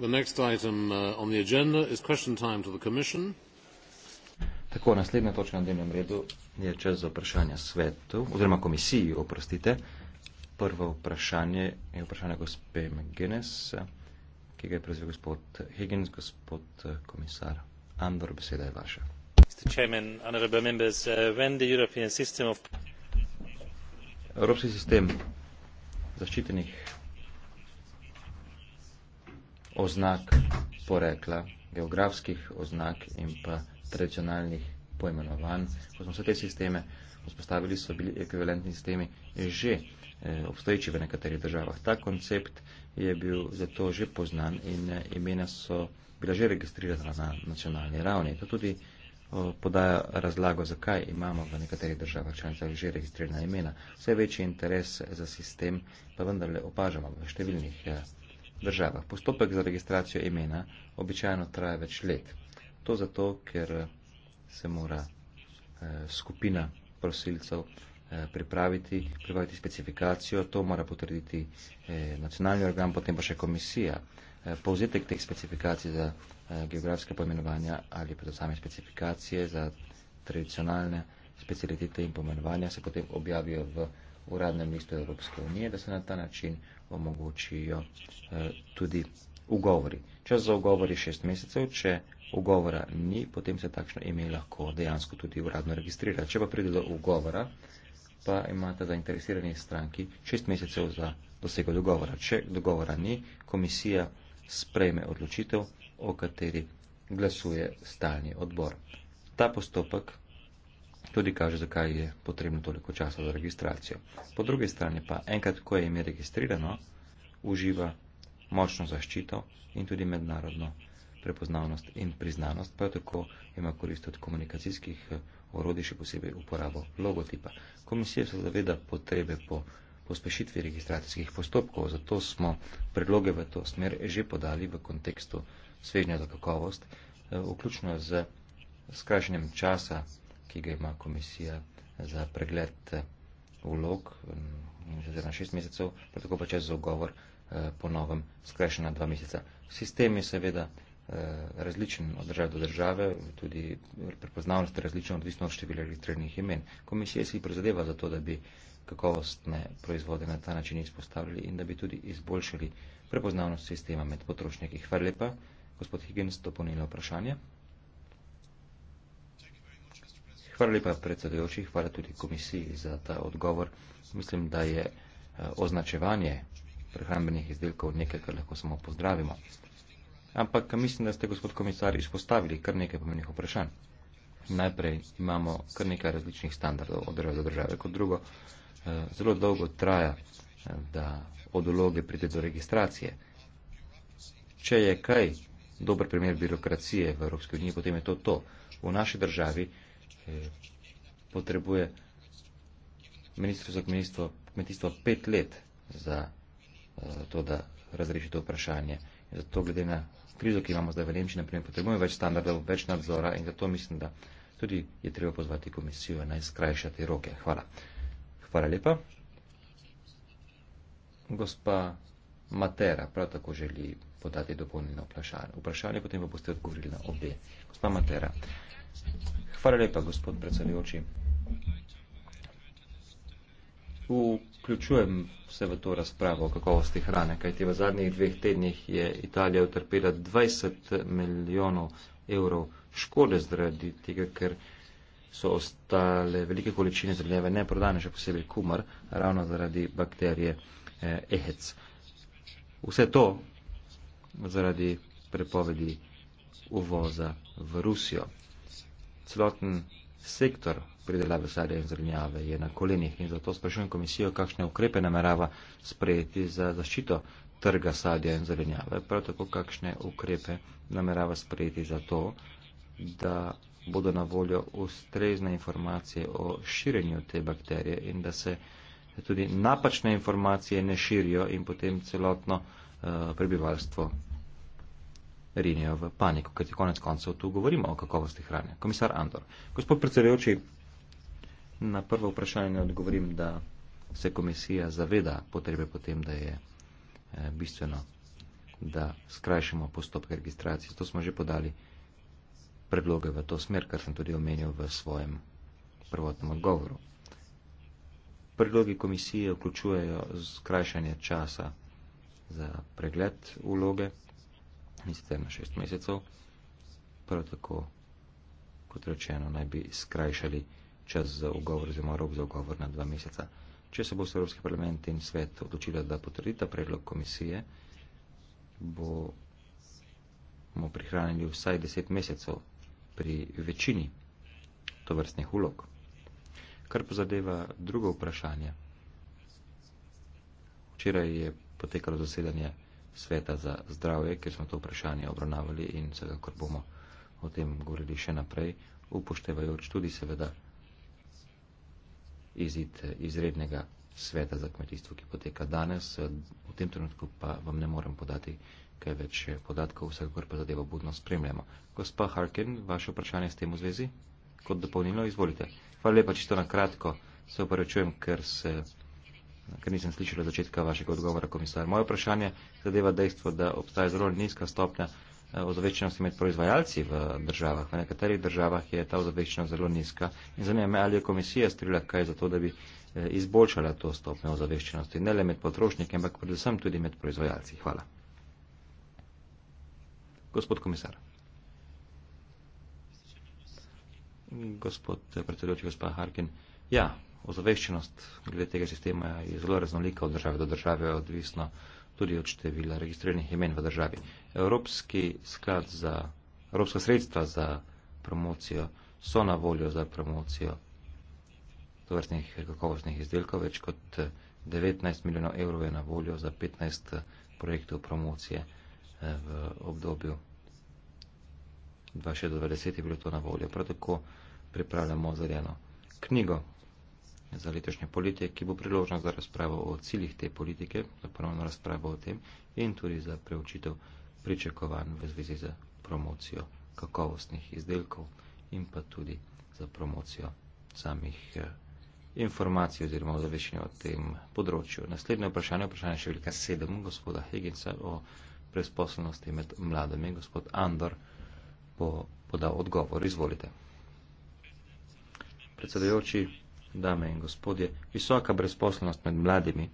Uh, Tako, naslednja točka na dnevnem redu je čas za vprašanja svetu, oziroma komisiji, oprostite. Prvo vprašanje je vprašanje gospe McGuinness, ki ga je prezvel gospod Higgins, gospod uh, komisar. Andor, beseda je vaša. Chairman, members, uh, when the European system of... Evropski sistem zaščitenih oznak porekla, geografskih oznak in pa tradicionalnih poimenovanj. Ko smo vse te sisteme vzpostavili, so bili ekvivalentni sistemi že eh, obstoječi v nekaterih državah. Ta koncept je bil zato že poznan in eh, imena so bila že registrirana na nacionalni ravni. To tudi eh, podaja razlago, zakaj imamo v nekaterih državah članicah že registrirana imena. Vse večji interes za sistem pa vendarle opažamo v številnih. Eh, državah. Postopek za registracijo imena običajno traja več let. To zato, ker eh, se mora eh, skupina prosilcev eh, pripraviti, pripraviti specifikacijo, to mora potrditi eh, nacionalni organ, potem pa še komisija. Eh, povzetek teh specifikacij za eh, geografske pomenovanja ali pa za same specifikacije za tradicionalne specialitete in pomenovanja se potem objavijo v eh, uradnem listu Evropske unije, da se na ta način omogočijo eh, tudi ugovori. Čas za ugovori je šest mesecev, če ugovora ni, potem se takšno ime lahko dejansko tudi uradno registrira. Če pa pride do ugovora, pa imate zainteresirani stranki šest mesecev za dosego dogovora. Če dogovora ni, komisija sprejme odločitev, o kateri glasuje stalni odbor. Ta postopek Tudi kaže, zakaj je potrebno toliko časa za registracijo. Po drugi strani pa enkrat, ko je ime registrirano, uživa močno zaščito in tudi mednarodno prepoznavnost in priznanost, pa tako ima korist od komunikacijskih eh, orodij, še posebej uporabo logotipa. Komisija se zaveda potrebe po pospešitvi registracijskih postopkov, zato smo predloge v to smer že podali v kontekstu svežnja za kakovost, eh, vključno z skrajšanjem časa ki ga ima komisija za pregled eh, vlog mm, na šest mesecev, pa tako pa čez zogovor eh, po novem skrajšen na dva meseca. Sistem je seveda eh, različen od države do države, tudi prepoznavnost je različna odvisno od števila registriranih imen. Komisija si prizadeva za to, da bi kakovostne proizvode na ta način izpostavili in da bi tudi izboljšali prepoznavnost sistema med potrošniki. Hvala lepa, gospod Higgins, to ponilo vprašanje. Hvala lepa predsedujoči, hvala tudi komisiji za ta odgovor. Mislim, da je eh, označevanje prehrambenih izdelkov nekaj, kar lahko samo pozdravimo. Ampak mislim, da ste, gospod komisar, izpostavili kar nekaj pomenih vprašanj. Najprej imamo kar nekaj različnih standardov od države do države. Kot drugo, eh, zelo dolgo traja, eh, da od vloge pride do registracije. Če je kaj dober primer birokracije v Evropski uniji, potem je to to. V naši državi Eh, potrebuje ministrstvo za kmetijstvo, kmetijstvo pet let za eh, to, da razreši to vprašanje. Zato glede na krizo, ki imamo zdaj v Nemčiji, naprimer, potrebujemo več standardov, več nadzora in zato mislim, da tudi je treba pozvati komisijo naj skrajša te roke. Hvala. Hvala lepa. Gospa Matera prav tako želi podati dopolnjeno vprašanje. Vprašanje potem pa boste odgovorili na obe. Gospa Matera. Hvala lepa, gospod predsedujoči. Vključujem se v to razpravo o kakovosti hrane, kajti v zadnjih dveh tednih je Italija utrpela 20 milijonov evrov škode zaradi tega, ker so ostale velike količine zelenjave neprodane, še posebej kumar, ravno zaradi bakterije eh, EHEC. Vse to zaradi prepovedi uvoza v Rusijo celoten sektor pridelave sadja in zrnjave je na kolenih in zato sprašujem komisijo, kakšne ukrepe namerava sprejeti za zaščito trga sadja in zelenjave, prav tako kakšne ukrepe namerava sprejeti za to, da bodo na voljo ustrezne informacije o širjenju te bakterije in da se tudi napačne informacije ne širijo in potem celotno uh, prebivalstvo rinijo v paniko, kajti konec koncev tu govorimo o kakovosti hrane. Komisar Andor. Gospod predsedujoči, na prvo vprašanje odgovorim, da se komisija zaveda potrebe potem, da je eh, bistveno, da skrajšamo postopke registracije. To smo že podali predloge v to smer, kar sem tudi omenil v svojem prvotnem odgovoru. Predlogi komisije vključujejo skrajšanje časa za pregled vloge, sicer na 6 mesecev. Prav tako, kot rečeno, naj bi skrajšali čas za ogovor, oziroma rok za ogovor na 2 meseca. Če se bo Evropski parlament in svet odločila, da potrdita predlog komisije, bomo prihranili vsaj 10 mesecev pri večini tovrstnih ulog. Kar pa zadeva drugo vprašanje. Včeraj je potekalo zasedanje sveta za zdravje, ker smo to vprašanje obravnavali in vsekakor bomo o tem govorili še naprej, upoštevajoč tudi seveda izid izrednega sveta za kmetijstvo, ki poteka danes. V tem trenutku pa vam ne morem podati kaj več podatkov, vsekakor pa zadevo budno spremljamo. Gospa Harkin, vaše vprašanje s tem v zvezi? Kot dopolnilo, izvolite. Hvala lepa, čisto na kratko. Se upravičujem, ker se ker nisem slišala začetka vašega odgovora, komisar. Moje vprašanje zadeva dejstvo, da obstaja zelo nizka stopnja eh, ozaveščenosti med proizvajalci v državah. V nekaterih državah je ta ozaveščenost zelo nizka in zanima me, ali je komisija strila kaj za to, da bi eh, izboljšala to stopnjo ozaveščenosti, ne le med potrošniki, ampak predvsem tudi med proizvajalci. Hvala. Gospod komisar. Gospod eh, predsedujoči, gospod Harkin. Ja, ozaveščenost glede tega sistema je zelo raznolika od države do države, odvisno tudi od števila registriranih imen v državi. Evropski sklad za, evropska sredstva za promocijo so na voljo za promocijo tovrstnih kakovostnih izdelkov, več kot 19 milijonov evrov je na voljo za 15 projektov promocije eh, v obdobju 2020 je bilo to na voljo. Prav tako pripravljamo zeleno knjigo za letošnje poletje, ki bo priložnost za razpravo o ciljih te politike, za ponovno razpravo o tem in tudi za preučitev pričakovanj v zvezi za promocijo kakovostnih izdelkov in pa tudi za promocijo samih eh, informacij oziroma ozaveščanja o tem področju. Naslednje vprašanje, vprašanje številka sedem gospoda Higginsa o presposobnosti med mladimi, gospod Andor bo podal odgovor. Izvolite. Predsedujoči, dame in gospodje, visoka brezposlenost med mladimi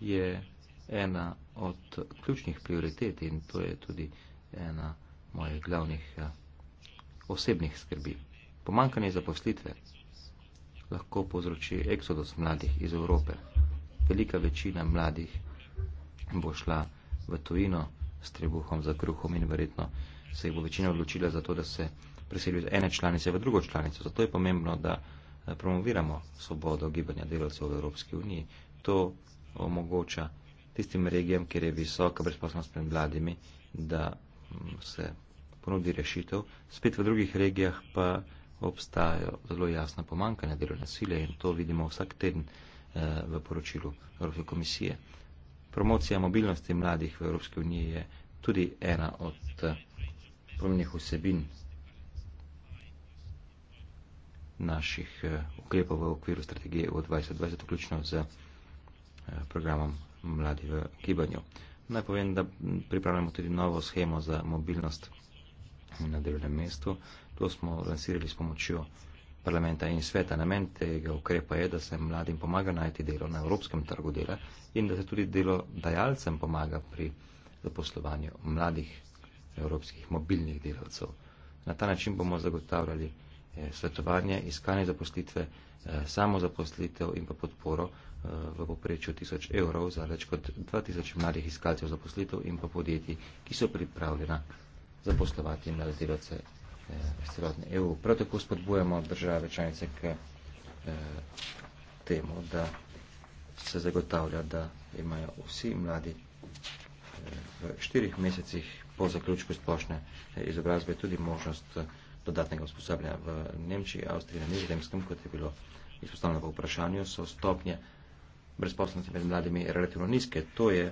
je ena od ključnih prioritet in to je tudi ena mojih glavnih eh, osebnih skrbi. Pomankanje zaposlitve lahko povzroči eksodus mladih iz Evrope. Velika večina mladih bo šla v tujino s trebuhom za kruhom in verjetno se jih bo večina odločila za to, da se preselijo iz ene članice v drugo članico. Zato je pomembno, da Eh, promoviramo svobodo gibanja delavcev v Evropski uniji. To omogoča tistim regijam, kjer je visoka brezposobnost med mladimi, da mm, se ponudi rešitev. Spet v drugih regijah pa obstajajo zelo jasna pomankanja delovne sile in to vidimo vsak teden eh, v poročilu Evropske komisije. Promocija mobilnosti mladih v Evropski uniji je tudi ena od eh, pomembnih vsebin naših eh, ukrepov v okviru strategije v 2020, vključno z eh, programom Mladi v gibanju. Naj povem, da pripravljamo tudi novo schemo za mobilnost na delovnem mestu. To smo lansirali s pomočjo parlamenta in sveta. Namen tega ukrepa je, da se mladim pomaga najti delo na evropskem trgu dela in da se tudi delodajalcem pomaga pri zaposlovanju mladih evropskih mobilnih delavcev. Na ta način bomo zagotavljali Eh, svetovanje, iskanje zaposlitve, eh, samo zaposlitev in pa podporo eh, v poprečju 1000 evrov za več kot 2000 mladih iskalcev zaposlitev in pa podjetij, ki so pripravljena zaposlovati mlade delavce iz celotne EU. Prav tako spodbujamo države članice k temu, da se zagotavlja, da imajo vsi mladi v štirih mesecih po zaključku splošne izobrazbe tudi možnost dodatnega usposabljanja v Nemčiji, Avstriji, na Nizozemskem, kot je bilo izpostavljeno v vprašanju, so stopnje brezposobnosti med mladimi relativno nizke. To je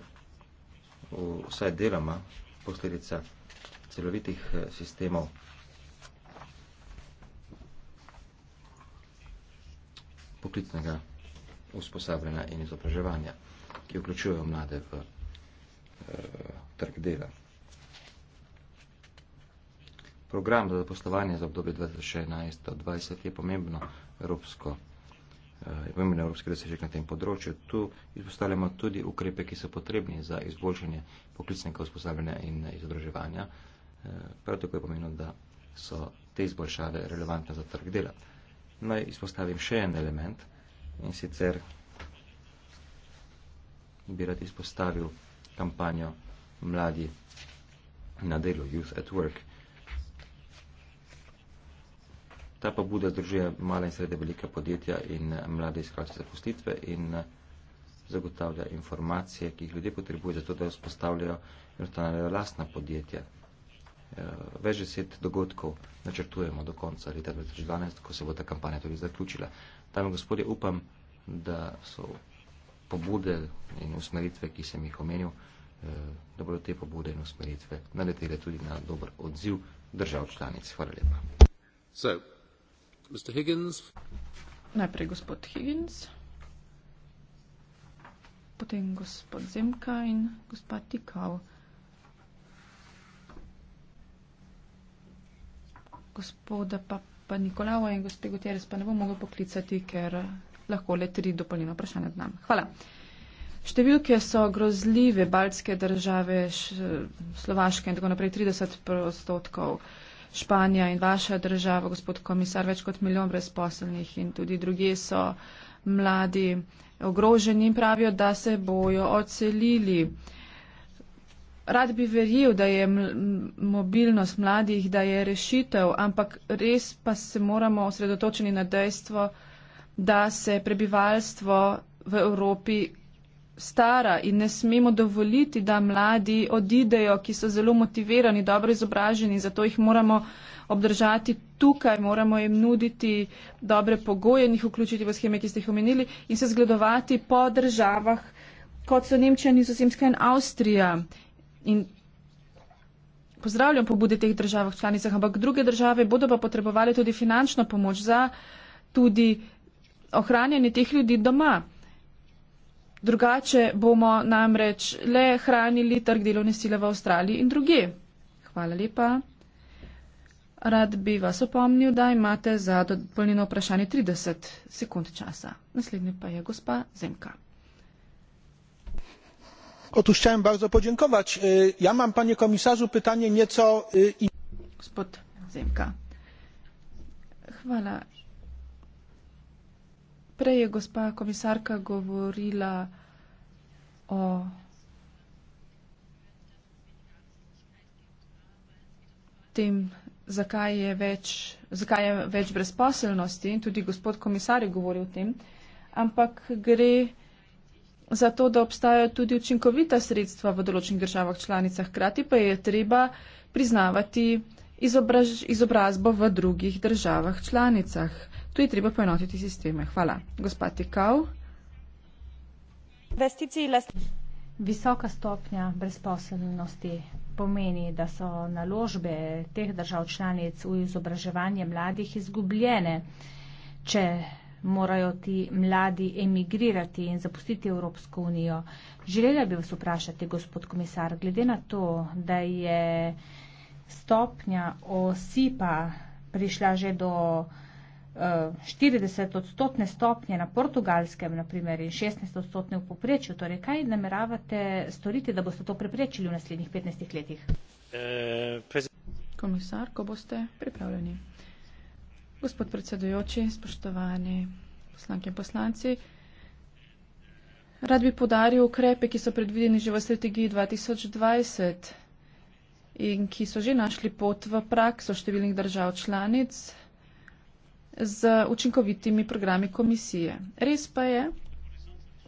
vsaj deloma posledica celovitih eh, sistemov poklicnega usposabljanja in izobraževanja, ki vključujejo mlade v eh, trg dela. Program za zaposlovanje za obdobje 2016-2020 je pomembno evropsko, je eh, pomembno evropski dosežek na tem področju. Tu izpostavljamo tudi ukrepe, ki so potrebni za izboljšanje poklicnega usposabljanja in izobraževanja. Eh, prav tako je pomembno, da so te izboljšave relevantne za trg dela. Naj izpostavim še en element in sicer bi rad izpostavil kampanjo Mladi na delu Youth at Work – Ta pobuda združuje male in srednje velike podjetja in eh, mlade iskalce zaposlitve in eh, zagotavlja informacije, ki jih ljudje potrebujejo za to, da vzpostavljajo in ustanavljajo lastna podjetja. Eh, več deset dogodkov načrtujemo do konca leta 2012, ko se bo ta kampanja tudi zaključila. Tam, gospodje, upam, da so pobude in usmeritve, ki sem jih omenil, da bodo te pobude in usmeritve naletele tudi na dober odziv držav članic. Hvala lepa. So, Najprej gospod Higgins, potem gospod Zemka in gospod Tikal. Gospoda pa, pa Nikolava in gospe Gutierrez pa ne bom mogel poklicati, ker lahko le tri dopolnjeno vprašanje znam. Hvala. Številke so grozljive, baltske države, Slovaške in tako naprej, 30 odstotkov. Španija in vaša država, gospod komisar, več kot milijon brezposelnih in tudi druge so mladi ogroženi in pravijo, da se bojo odselili. Rad bi verjel, da je mobilnost mladih, da je rešitev, ampak res pa se moramo osredotočiti na dejstvo, da se prebivalstvo v Evropi stara in ne smemo dovoliti, da mladi odidejo, ki so zelo motivirani, dobro izobraženi, zato jih moramo obdržati tukaj, moramo jim nuditi dobre pogoje in jih vključiti v scheme, ki ste jih omenili in se zgledovati po državah, kot so Nemčija, Nizozemska in Avstrija. In pozdravljam pobude teh državah članicah, ampak druge države bodo pa potrebovali tudi finančno pomoč za tudi ohranjanje teh ljudi doma. Drugače bomo namreč le hranili trg delovne sile v Avstraliji in druge. Hvala lepa. Rad bi vas opomnil, da imate za dopolnjeno vprašanje 30 sekund časa. Naslednji pa je gospa Zemka. Otóż chciałem bardzo podziękować. E, ja mam, panie komisarzu, pytanie nieco. E, Gospod Zemka. Chwala. Prej je gospa komisarka govorila o. Tem, zakaj, je več, zakaj je več brezposelnosti in tudi gospod komisar je govoril o tem, ampak gre za to, da obstajajo tudi učinkovita sredstva v določenih državah članicah, hkrati pa je treba priznavati izobraž, izobrazbo v drugih državah članicah. Tu je treba poenotiti sisteme. Hvala. Gospa Tikav. Visoka stopnja brezposobnosti pomeni, da so naložbe teh držav članic v izobraževanje mladih izgubljene, če morajo ti mladi emigrirati in zapustiti Evropsko unijo. Želela bi vas vprašati, gospod komisar, glede na to, da je stopnja osipa prišla že do 40 odstotne stopnje na portugalskem, naprimer, in 16 odstotne v poprečju. Torej, kaj nameravate storiti, da boste to preprečili v naslednjih 15 letih? Eh, Komisar, ko boste pripravljeni. Gospod predsedujoči, spoštovani poslanke in poslanci, rad bi podaril ukrepe, ki so predvideni že v strategiji 2020 in ki so že našli pot v prakso številnih držav članic z učinkovitimi programi komisije. Res pa je,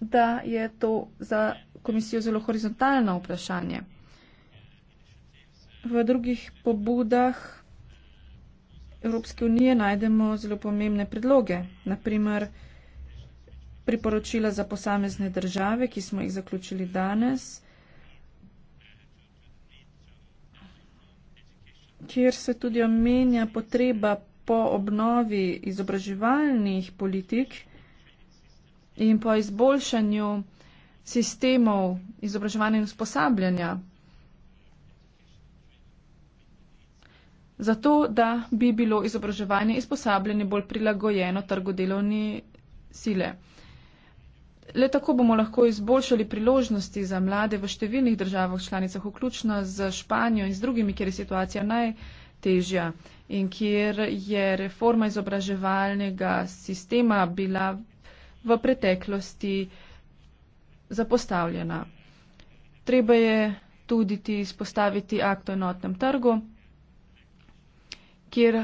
da je to za komisijo zelo horizontalno vprašanje. V drugih pobudah Evropske unije najdemo zelo pomembne predloge, naprimer priporočila za posamezne države, ki smo jih zaključili danes, kjer se tudi omenja potreba po obnovi izobraževalnih politik in po izboljšanju sistemov izobraževanja in usposabljanja. Zato, da bi bilo izobraževanje in usposabljanje bolj prilagojeno trgu delovni sile. Le tako bomo lahko izboljšali priložnosti za mlade v številnih državah članicah, vključno z Španijo in z drugimi, kjer je situacija najtežja in kjer je reforma izobraževalnega sistema bila v preteklosti zapostavljena. Treba je tudi ti izpostaviti akt o enotnem trgu, kjer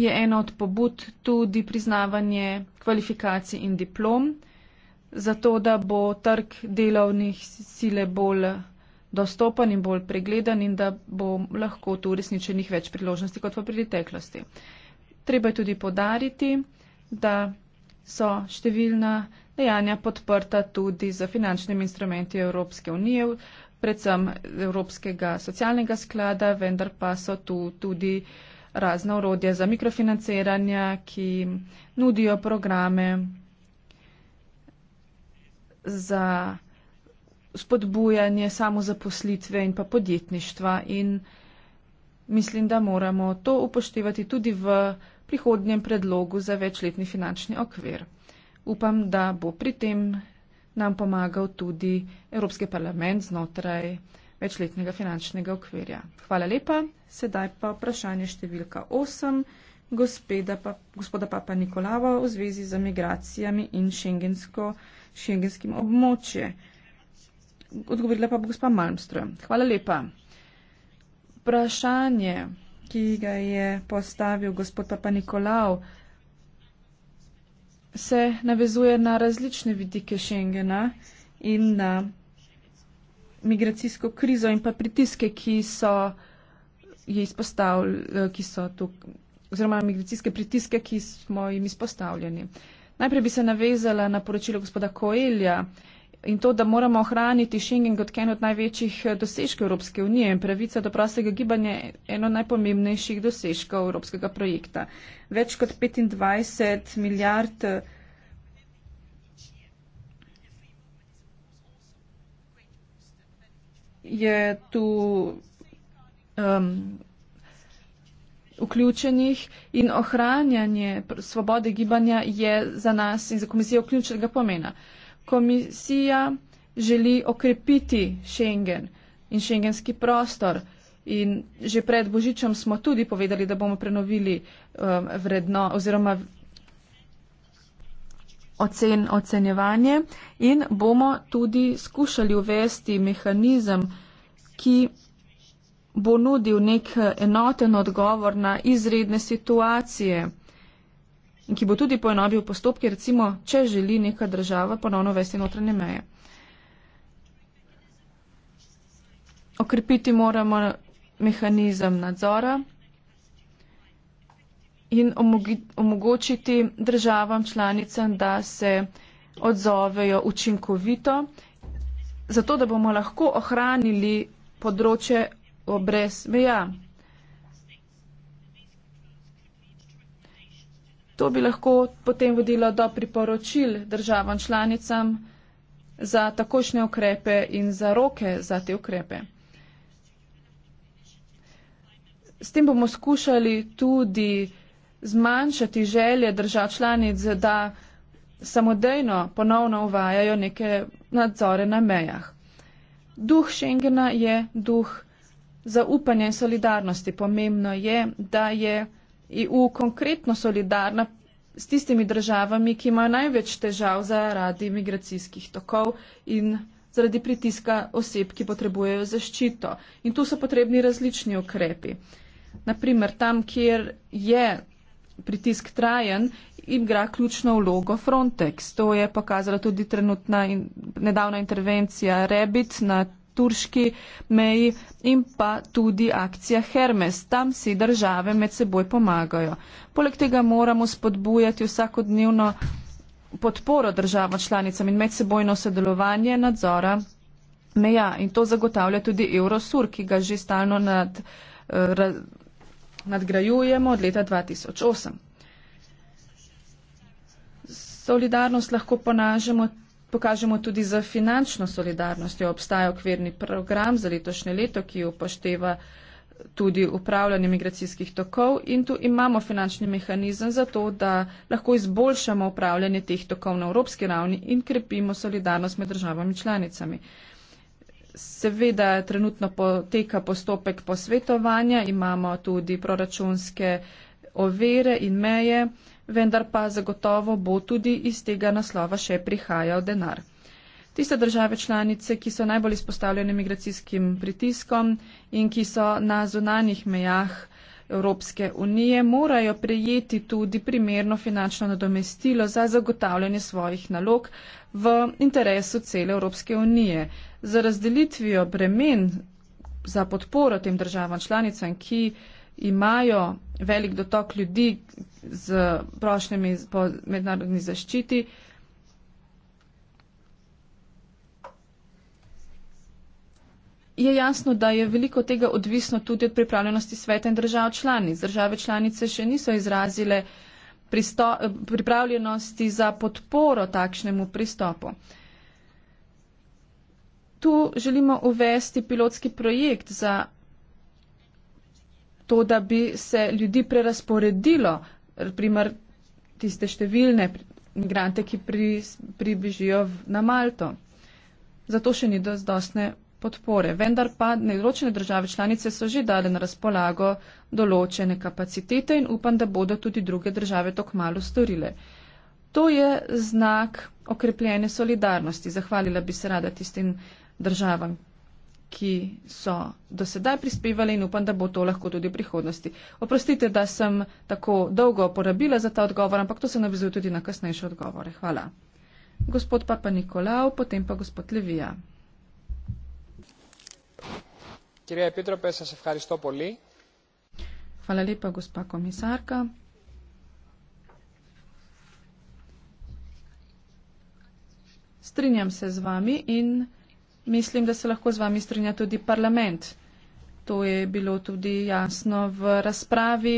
je ena od pobud tudi priznavanje kvalifikacij in diplom, zato da bo trg delovnih sile bolj dostopen in bolj pregledan in da bo lahko tu uresničenih več priložnosti kot v preteklosti. Treba je tudi podariti, da so številna dejanja podprta tudi za finančnimi instrumenti Evropske unije, predvsem Evropskega socialnega sklada, vendar pa so tu tudi razna urodja za mikrofinanciranja, ki nudijo programe za spodbujanje samozaposlitve in pa podjetništva. In mislim, da moramo to upoštevati tudi v prihodnjem predlogu za večletni finančni okvir. Upam, da bo pri tem nam pomagal tudi Evropski parlament znotraj večletnega finančnega okvirja. Hvala lepa. Sedaj pa vprašanje številka 8 pa, gospoda Papa Nikolava v zvezi z migracijami in šengensko, šengenskim območjem odgovorila pa bo gospa Malmström. Hvala lepa. Vprašanje, ki ga je postavil gospod Papa Nikolav, se navezuje na različne vidike Schengena in na migracijsko krizo in pa pritiske, ki so je izpostavljali, eh, ki so tu, oziroma migracijske pritiske, ki smo jim izpostavljeni. Najprej bi se navezala na poročilo gospoda Koelja, in to, da moramo ohraniti Schengen kot eno od največjih eh, dosežkov Evropske unije in pravica do prostega gibanja je eno najpomembnejših dosežkov Evropskega projekta. Več kot 25 milijard. Eh, je tu um, vključenih in ohranjanje svobode gibanja je za nas in za komisijo ključnega pomena. Uh, komisija želi okrepiti Schengen in šengenski prostor. In že pred Božičem smo tudi povedali, da bomo prenovili um, vredno oziroma ocen, ocenjevanje in bomo tudi skušali uvesti mehanizem, ki bo nudil nek enoten odgovor na izredne situacije in ki bo tudi poenobil postopke, recimo, če želi neka država ponovno vesti notranje meje. Okrepiti moramo mehanizem nadzora in omogočiti državam članicam, da se odzovejo učinkovito, zato da bomo lahko ohranili področje brez meja. Ja. To bi lahko potem vodilo do priporočil državam članicam za takošnje ukrepe in za roke za te ukrepe. S tem bomo skušali tudi zmanjšati želje držav članic, da samodejno ponovno uvajajo neke nadzore na mejah. Duh Schengena je duh zaupanja in solidarnosti. Pomembno je, da je. EU konkretno solidarna s tistimi državami, ki imajo največ težav zaradi migracijskih tokov in zaradi pritiska oseb, ki potrebujejo zaščito. In tu so potrebni različni ukrepi. Naprimer, tam, kjer je pritisk trajen, igra ključno vlogo Frontex. To je pokazala tudi trenutna in nedavna intervencija Rebit na turški meji in pa tudi akcija Hermes. Tam si države med seboj pomagajo. Poleg tega moramo spodbujati vsakodnevno podporo državam članicam in medsebojno sodelovanje nadzora meja. In to zagotavlja tudi Eurosur, ki ga že stalno nad, eh, raz, nadgrajujemo od leta 2008. Solidarnost lahko ponažemo Pokažemo tudi za finančno solidarnost. Obstaja okvirni program za letošnje leto, ki upošteva tudi upravljanje migracijskih tokov in tu imamo finančni mehanizem za to, da lahko izboljšamo upravljanje teh tokov na evropski ravni in krepimo solidarnost med državami članicami. Seveda trenutno poteka postopek posvetovanja, imamo tudi proračunske overe in meje vendar pa zagotovo bo tudi iz tega naslova še prihajal denar. Tiste države članice, ki so najbolj izpostavljene migracijskim pritiskom in ki so na zunanjih mejah Evropske unije, morajo prejeti tudi primerno finančno nadomestilo za zagotavljanje svojih nalog v interesu cele Evropske unije. Za razdelitvijo bremen za podporo tem državam članicam, ki imajo velik dotok ljudi, z prošnjami po mednarodni zaščiti. Je jasno, da je veliko tega odvisno tudi od pripravljenosti sveta in držav članic. Države članice še niso izrazile pripravljenosti za podporo takšnemu pristopu. Tu želimo uvesti pilotski projekt za to, da bi se ljudi prerasporedilo primer, tiste številne migrante, ki pri, pribežijo na Malto. Zato še ni dostne podpore. Vendar pa neodločene države članice so že dale na razpolago določene kapacitete in upam, da bodo tudi druge države to kmalo storile. To je znak okrepljene solidarnosti. Zahvalila bi se rada tistim državam, ki so do sedaj prispevali in upam, da bo to lahko tudi v prihodnosti. Oprostite, da sem tako dolgo porabila za ta odgovor, ampak to se navizuje tudi na kasnejše odgovore. Hvala. Gospod Papa Nikolaov, potem pa gospod Levija. Hvala lepa, gospa komisarka. Strinjam se z vami in. Mislim, da se lahko z vami strinja tudi parlament. To je bilo tudi jasno v razpravi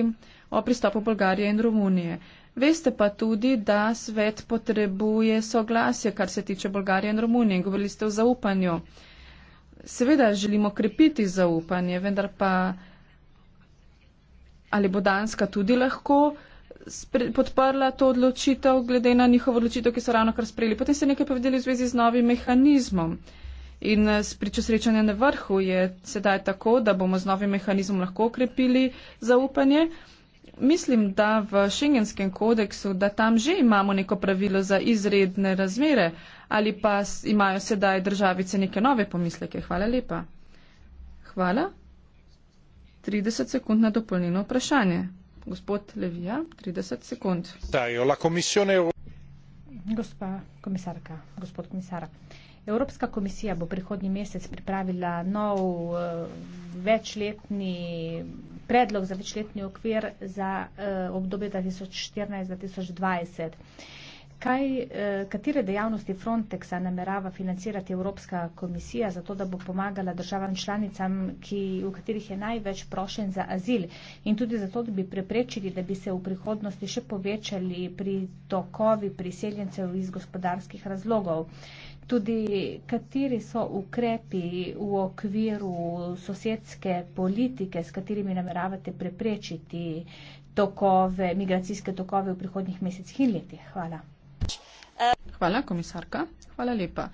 o pristopu Bolgarije in Romunije. Veste pa tudi, da svet potrebuje soglasje, kar se tiče Bolgarije in Romunije. Govorili ste o zaupanju. Seveda želimo krepiti zaupanje, vendar pa ali bo Danska tudi lahko podprla to odločitev glede na njihovo odločitev, ki so ravno kar sprejeli. Potem ste nekaj povedali v zvezi z novim mehanizmom. In eh, s pričo srečanja na vrhu je sedaj tako, da bomo z novim mehanizmom lahko okrepili zaupanje. Mislim, da v šengenskem kodeksu, da tam že imamo neko pravilo za izredne razmere ali pa imajo sedaj državice neke nove pomisleke. Hvala lepa. Hvala. 30 sekund na dopolnjeno vprašanje. Gospod Levija, 30 sekund. Gospa komisarka, gospod komisar. Evropska komisija bo prihodnji mesec pripravila nov eh, večletni predlog za večletni okvir za eh, obdobje 2014-2020. Kaj, eh, katere dejavnosti Frontexa namerava financirati Evropska komisija za to, da bo pomagala državam članicam, ki, v katerih je največ prošen za azil in tudi za to, da bi preprečili, da bi se v prihodnosti še povečali pritokovi priseljencev iz gospodarskih razlogov? Tudi kateri so ukrepi v okviru sosedske politike, s katerimi nameravate preprečiti tokove, migracijske tokove v prihodnjih mesecih in letih? Hvala. Hvala, komisarka. Hvala lepa.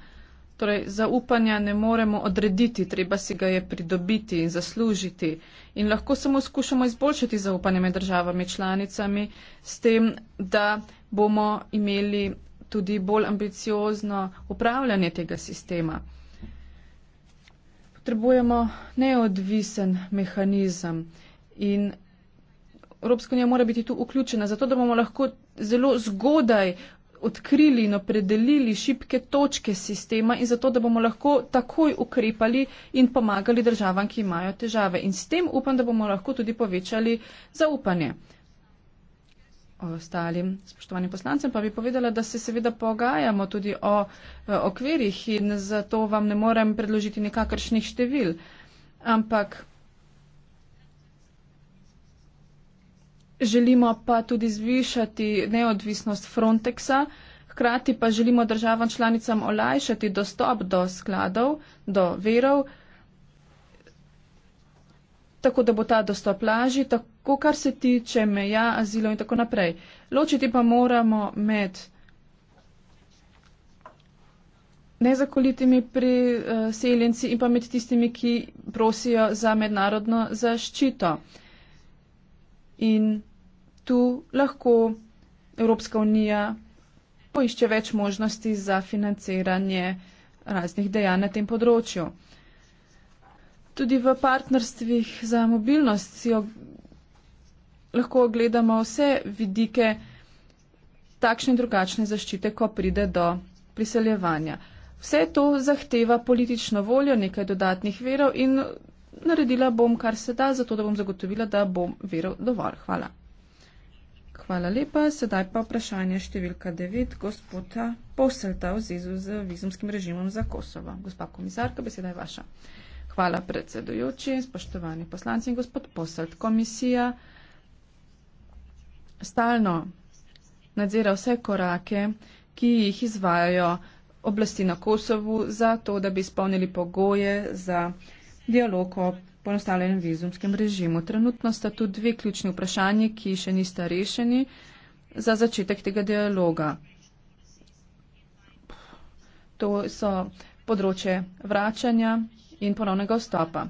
Torej, zaupanja ne moremo odrediti, treba si ga je pridobiti in zaslužiti. In lahko samo skušamo izboljšati zaupanje med državami članicami s tem, da bomo imeli tudi bolj ambiciozno upravljanje tega sistema. Potrebujemo neodvisen mehanizem in Evropska unija mora biti tu vključena, zato da bomo lahko zelo zgodaj odkrili in opredelili šibke točke sistema in zato, da bomo lahko takoj ukrepali in pomagali državam, ki imajo težave. In s tem upam, da bomo lahko tudi povečali zaupanje ostalim spoštovanim poslancem, pa bi povedala, da se seveda pogajamo tudi o e, okvirjih in zato vam ne morem predložiti nekakršnih števil. Ampak želimo pa tudi zvišati neodvisnost Frontexa, hkrati pa želimo državam članicam olajšati dostop do skladov, do verov, tako da bo ta dostop lažji, tako tako kar se tiče meja, azilo in tako naprej. Ločiti pa moramo med nezakolitimi priseljenci in pa med tistimi, ki prosijo za mednarodno zaščito. In tu lahko Evropska unija poišče več možnosti za financiranje raznih dejanj na tem področju. Tudi v partnerstvih za mobilnost si lahko gledamo vse vidike takšne in drugačne zaščite, ko pride do priseljevanja. Vse to zahteva politično voljo, nekaj dodatnih verov in naredila bom, kar se da, zato da bom zagotovila, da bom verov dovolj. Hvala. Hvala lepa. Sedaj pa vprašanje številka 9 gospoda Poselta v zvezi z vizumskim režimom za Kosovo. Gospa komisarka, beseda je vaša. Hvala predsedujoči, spoštovani poslanci in gospod Poselt. Komisija stalno nadzira vse korake, ki jih izvajajo oblasti na Kosovu za to, da bi izpolnili pogoje za dialog o ponostavljenem vizumskem režimu. Trenutno sta tu dve ključni vprašanji, ki še nista rešeni za začetek tega dialoga. To so področje vračanja in ponovnega vstopa.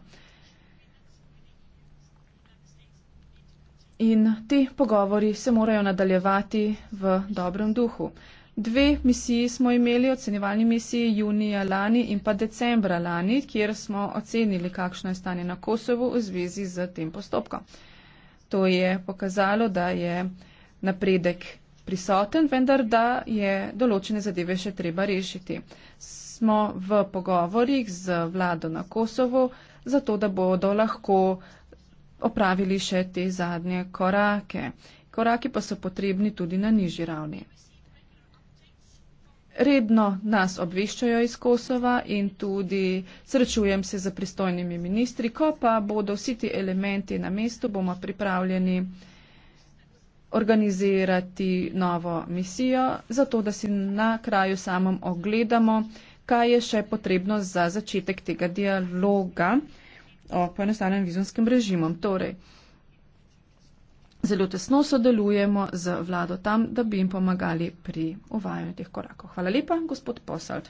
in ti pogovori se morajo nadaljevati v dobrem duhu. Dve misiji smo imeli, ocenjevalni misiji junija lani in pa decembra lani, kjer smo ocenili, kakšno je stanje na Kosovu v zvezi z tem postopkom. To je pokazalo, da je napredek prisoten, vendar da je določene zadeve še treba rešiti. Smo v pogovorih z vlado na Kosovu, zato da bodo lahko opravili še te zadnje korake. Koraki pa so potrebni tudi na nižji ravni. Redno nas obveščajo iz Kosova in tudi srečujem se za pristojnimi ministri, ko pa bodo vsi ti elementi na mestu, bomo pripravljeni organizirati novo misijo, zato da si na kraju samom ogledamo, kaj je še potrebno za začetek tega dialoga poenostavljenim vizumskim režimom. Torej, zelo tesno sodelujemo z vlado tam, da bi jim pomagali pri uvajanju teh korakov. Hvala lepa, gospod Posald.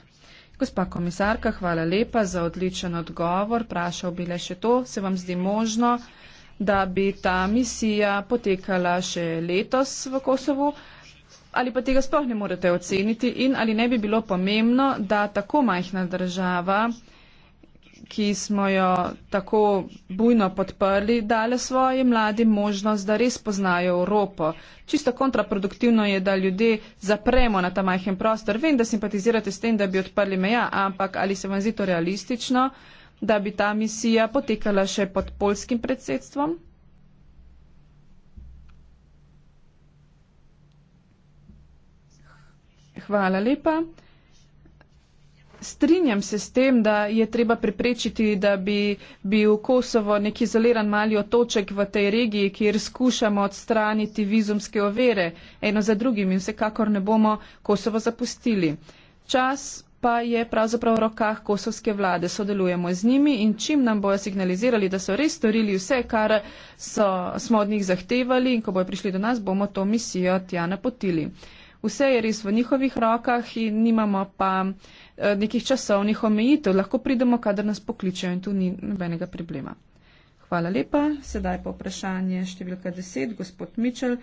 Gospa komisarka, hvala lepa za odličen odgovor. Prašal bi le še to, se vam zdi možno, da bi ta misija potekala še letos v Kosovu. Ali pa tega sploh ne morete oceniti in ali ne bi bilo pomembno, da tako majhna država ki smo jo tako bujno podprli, dale svoji mladi možnost, da res poznajo Evropo. Čisto kontraproduktivno je, da ljudi zapremo na ta majhen prostor. Vem, da simpatizirate s tem, da bi odprli meja, ampak ali se vam zdi to realistično, da bi ta misija potekala še pod polskim predsedstvom? Hvala lepa strinjam se s tem, da je treba preprečiti, da bi bil Kosovo nek izoliran mali otoček v tej regiji, kjer skušamo odstraniti vizumske overe eno za drugim in vsekakor ne bomo Kosovo zapustili. Čas pa je pravzaprav v rokah kosovske vlade. Sodelujemo z njimi in čim nam bojo signalizirali, da so res storili vse, kar so, smo od njih zahtevali in ko bojo prišli do nas, bomo to misijo tja napotili. Vse je res v njihovih rokah in nimamo pa Eh, nekih časovnih omejitev, lahko pridemo, kadar nas pokličejo in tu ni nobenega problema. Hvala lepa. Sedaj pa vprašanje številka 10, gospod Mičel,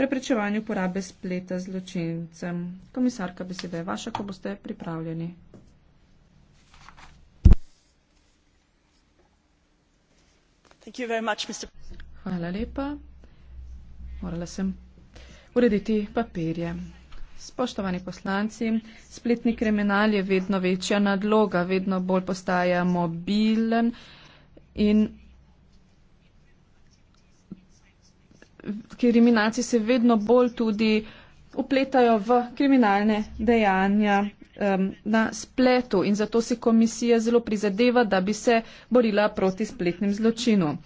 preprečevanje uporabe spleta zločincem. Komisarka, beseda je vaša, ko boste pripravljeni. Much, Hvala lepa. Morala sem urediti papirje. Spoštovani poslanci, spletni kriminal je vedno večja nadloga, vedno bolj postaja mobilen in kriminalci se vedno bolj tudi upletajo v kriminalne dejanja um, na spletu in zato si komisija zelo prizadeva, da bi se borila proti spletnim zločinom.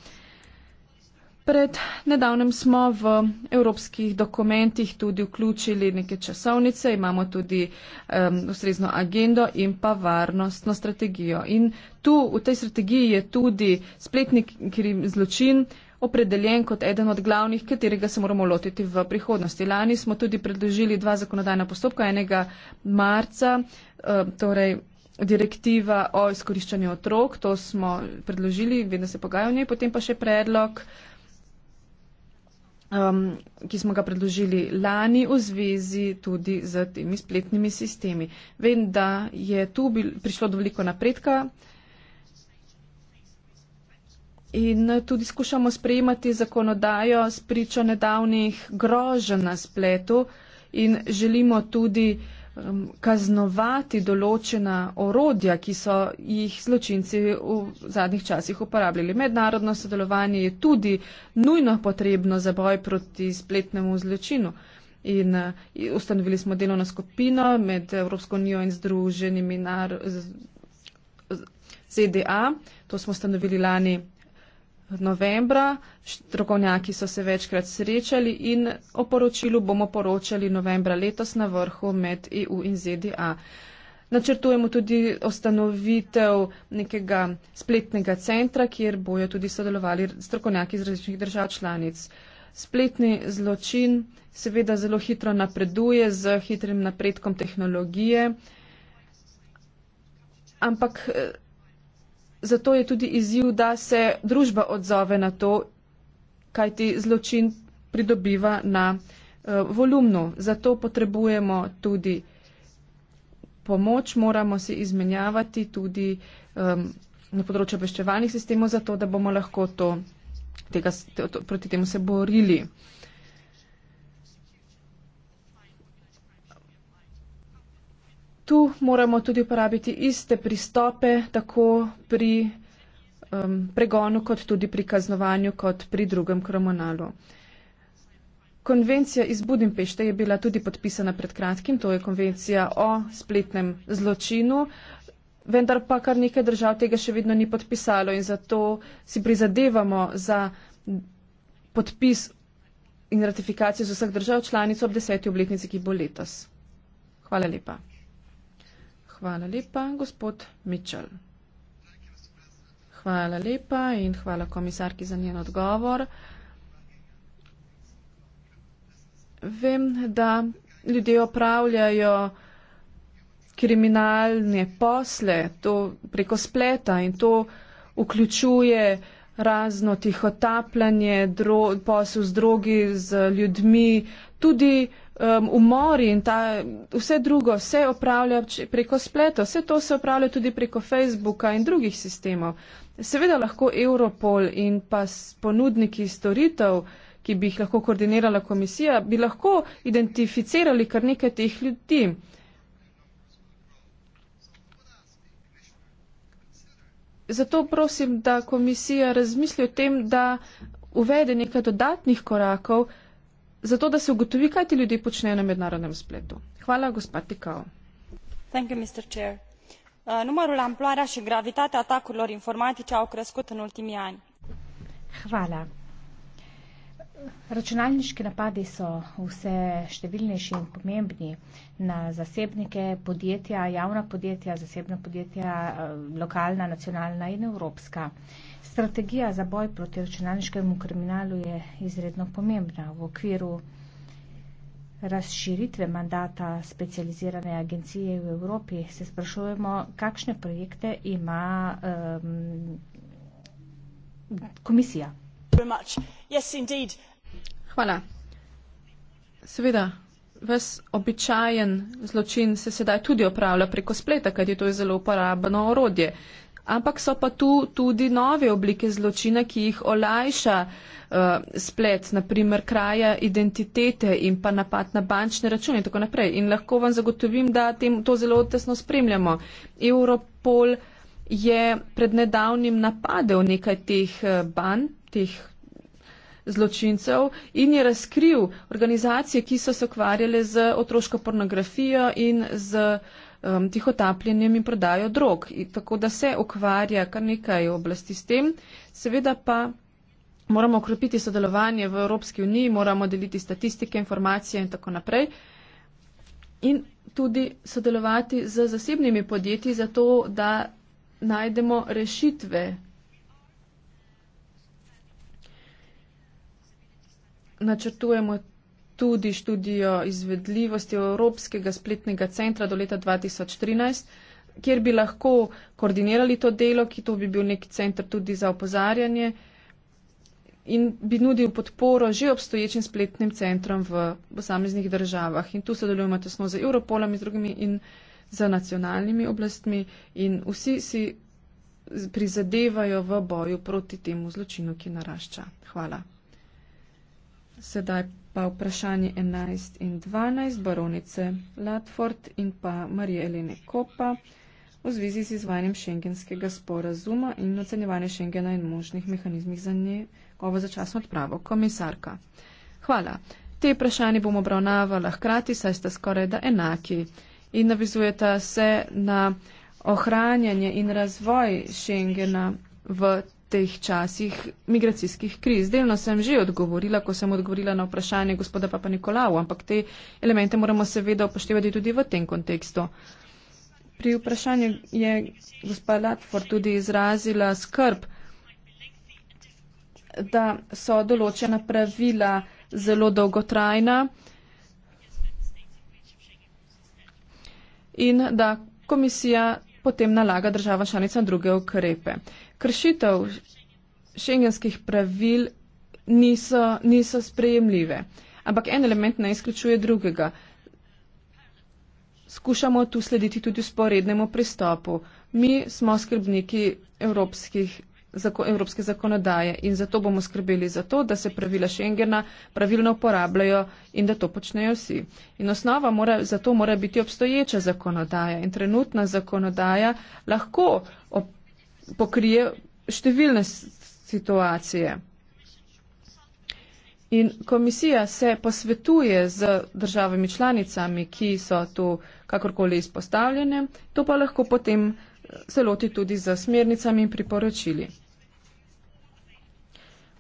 Pred nedavnem smo v evropskih dokumentih tudi vključili neke časovnice, imamo tudi um, ustrezno agendo in pa varnostno strategijo. In tu v tej strategiji je tudi spletni krim zločin opredeljen kot eden od glavnih, katerega se moramo lotiti v prihodnosti. Lani smo tudi predložili dva zakonodajna postopka, enega marca, uh, torej. Direktiva o izkoriščanju otrok, to smo predložili, vedno se pogajajo o njej, potem pa še predlog um, ki smo ga predložili lani v zvezi tudi z temi spletnimi sistemi. Vem, da je tu bil, prišlo do veliko napredka in tudi skušamo sprejemati zakonodajo spričo nedavnih grožen na spletu in želimo tudi kaznovati določena orodja, ki so jih zločinci v zadnjih časih uporabljali. Mednarodno sodelovanje je tudi nujno potrebno za boj proti spletnemu zločinu. In ustanovili smo delovno skupino med Evropsko unijo in Združenimi narodi ZDA. To smo ustanovili lani novembra. Strokovnjaki so se večkrat srečali in o poročilu bomo poročali novembra letos na vrhu med EU in ZDA. Načrtujemo tudi ustanovitev nekega spletnega centra, kjer bojo tudi sodelovali strokovnjaki iz različnih držav članic. Spletni zločin seveda zelo hitro napreduje z hitrim napredkom tehnologije, ampak eh, zato je tudi izziv, da se družba odzove na to, kaj ti zločin pridobiva na eh, volumnu. Zato potrebujemo tudi pomoč, moramo se izmenjavati tudi eh, na področju obveščevalnih sistemov, zato da bomo lahko to, tega, to, proti temu se borili. Tu moramo tudi uporabiti iste pristope, tako pri um, pregonu, kot tudi pri kaznovanju, kot pri drugem kromonalu. Konvencija iz Budimpešte je bila tudi podpisana pred kratkim, to je konvencija o spletnem zločinu, vendar pa kar nekaj držav tega še vedno ni podpisalo in zato si prizadevamo za podpis in ratifikacijo z vseh držav članic ob deseti obletnici, ki bo letos. Hvala lepa. Hvala lepa, gospod Mitchell. Hvala lepa in hvala komisarki za njen odgovor. Vem, da ljudje opravljajo kriminalne posle to preko spleta in to vključuje razno tihotapljanje, posel z drogi, z ljudmi, tudi um, umori in ta, vse drugo, vse opravlja preko spleta, vse to se opravlja tudi preko Facebooka in drugih sistemov. Seveda lahko Europol in pa ponudniki storitev, ki bi jih lahko koordinirala komisija, bi lahko identificirali kar nekaj teh ljudi. Zato prosim, da komisija razmisli o tem, da uvede nekaj dodatnih korakov, zato da se ugotovi, kaj ti ljudje počnejo na mednarodnem spletu. Hvala, gospa Tikao. Thank you, Mr. Chair. Uh, numărul, amploarea și gravitatea atacurilor informatice au crescut în ultimii ani. Hvala. Računalniški napadi so vse številnejši in pomembni na zasebnike, podjetja, javna podjetja, zasebna podjetja, uh, lokalna, nacionalna in evropska. Strategija za boj proti računalniškemu kriminalu je izredno pomembna. V okviru razširitve mandata specializirane agencije v Evropi se sprašujemo, kakšne projekte ima um, komisija. Yes, Hvala. Seveda, ves običajen zločin se sedaj tudi opravlja preko spleta, kajti to je zelo uporabno orodje. Ampak so pa tu tudi nove oblike zločina, ki jih olajša uh, splet, naprimer kraja identitete in pa napad na bančne račune in tako naprej. In lahko vam zagotovim, da tem, to zelo tesno spremljamo. Europol je pred nedavnim napadel nekaj teh uh, eh, ban, teh zločincev in je razkril organizacije, ki so se ukvarjale z otroško pornografijo in z uh, um, tihotapljenjem in prodajo drog. In tako da se ukvarja kar nekaj oblasti s tem. Seveda pa moramo okrepiti sodelovanje v Evropski uniji, moramo deliti statistike, informacije in tako naprej. In tudi sodelovati z zasebnimi podjetji, zato da najdemo rešitve. Načrtujemo tudi študijo izvedljivosti Evropskega spletnega centra do leta 2013, kjer bi lahko koordinirali to delo, ki to bi bil neki centr tudi za opozarjanje in bi nudil podporo že obstoječim spletnim centrom v posameznih državah. In tu sodelujemo tesno z Europolom in drugimi in z nacionalnimi oblastmi in vsi si prizadevajo v boju proti temu zločinu, ki narašča. Hvala. Sedaj pa vprašanje 11 in 12 baronice Latford in pa Marije Elene Kopa v zvezi z izvajanjem šengenskega sporazuma in ocenjevanje šengena in možnih mehanizmih za njegovo začasno odpravo. Komisarka. Hvala. Te vprašanje bomo obravnavali hkrati, saj sta skoraj da enaki in navizujeta se na ohranjanje in razvoj šengena v teh časih migracijskih kriz. Delno sem že odgovorila, ko sem odgovorila na vprašanje gospoda Papa Nikolau, ampak te elemente moramo seveda upoštevati tudi v tem kontekstu. Pri vprašanju je gospa Latford tudi izrazila skrb, da so določena pravila zelo dolgotrajna in da komisija potem nalaga država članica druge ukrepe. Kršitev šengenskih pravil niso, niso sprejemljive, ampak en element ne izključuje drugega. Skušamo tu slediti tudi sporednemu pristopu. Mi smo skrbniki evropskih zako, evropske zakonodaje in zato bomo skrbeli za to, da se pravila Schengena pravilno uporabljajo in da to počnejo vsi. In osnova mora, za to mora biti obstoječa zakonodaja in trenutna zakonodaja lahko op, pokrije številne situacije. In komisija se posvetuje z državami članicami, ki so tu kakorkoli izpostavljene, to pa lahko potem se loti tudi z smernicami in priporočili.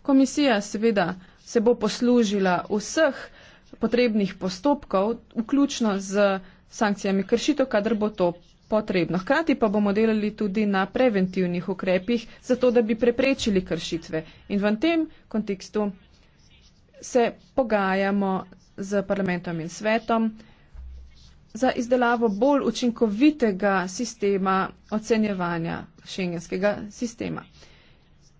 Komisija seveda se bo poslužila vseh potrebnih postopkov, vključno z sankcijami kršitev, kadar bo to potrebno. Hkrati pa bomo delali tudi na preventivnih ukrepih, zato da bi preprečili kršitve. In v tem kontekstu se pogajamo z parlamentom in svetom za izdelavo bolj učinkovitega sistema ocenjevanja šengenskega sistema.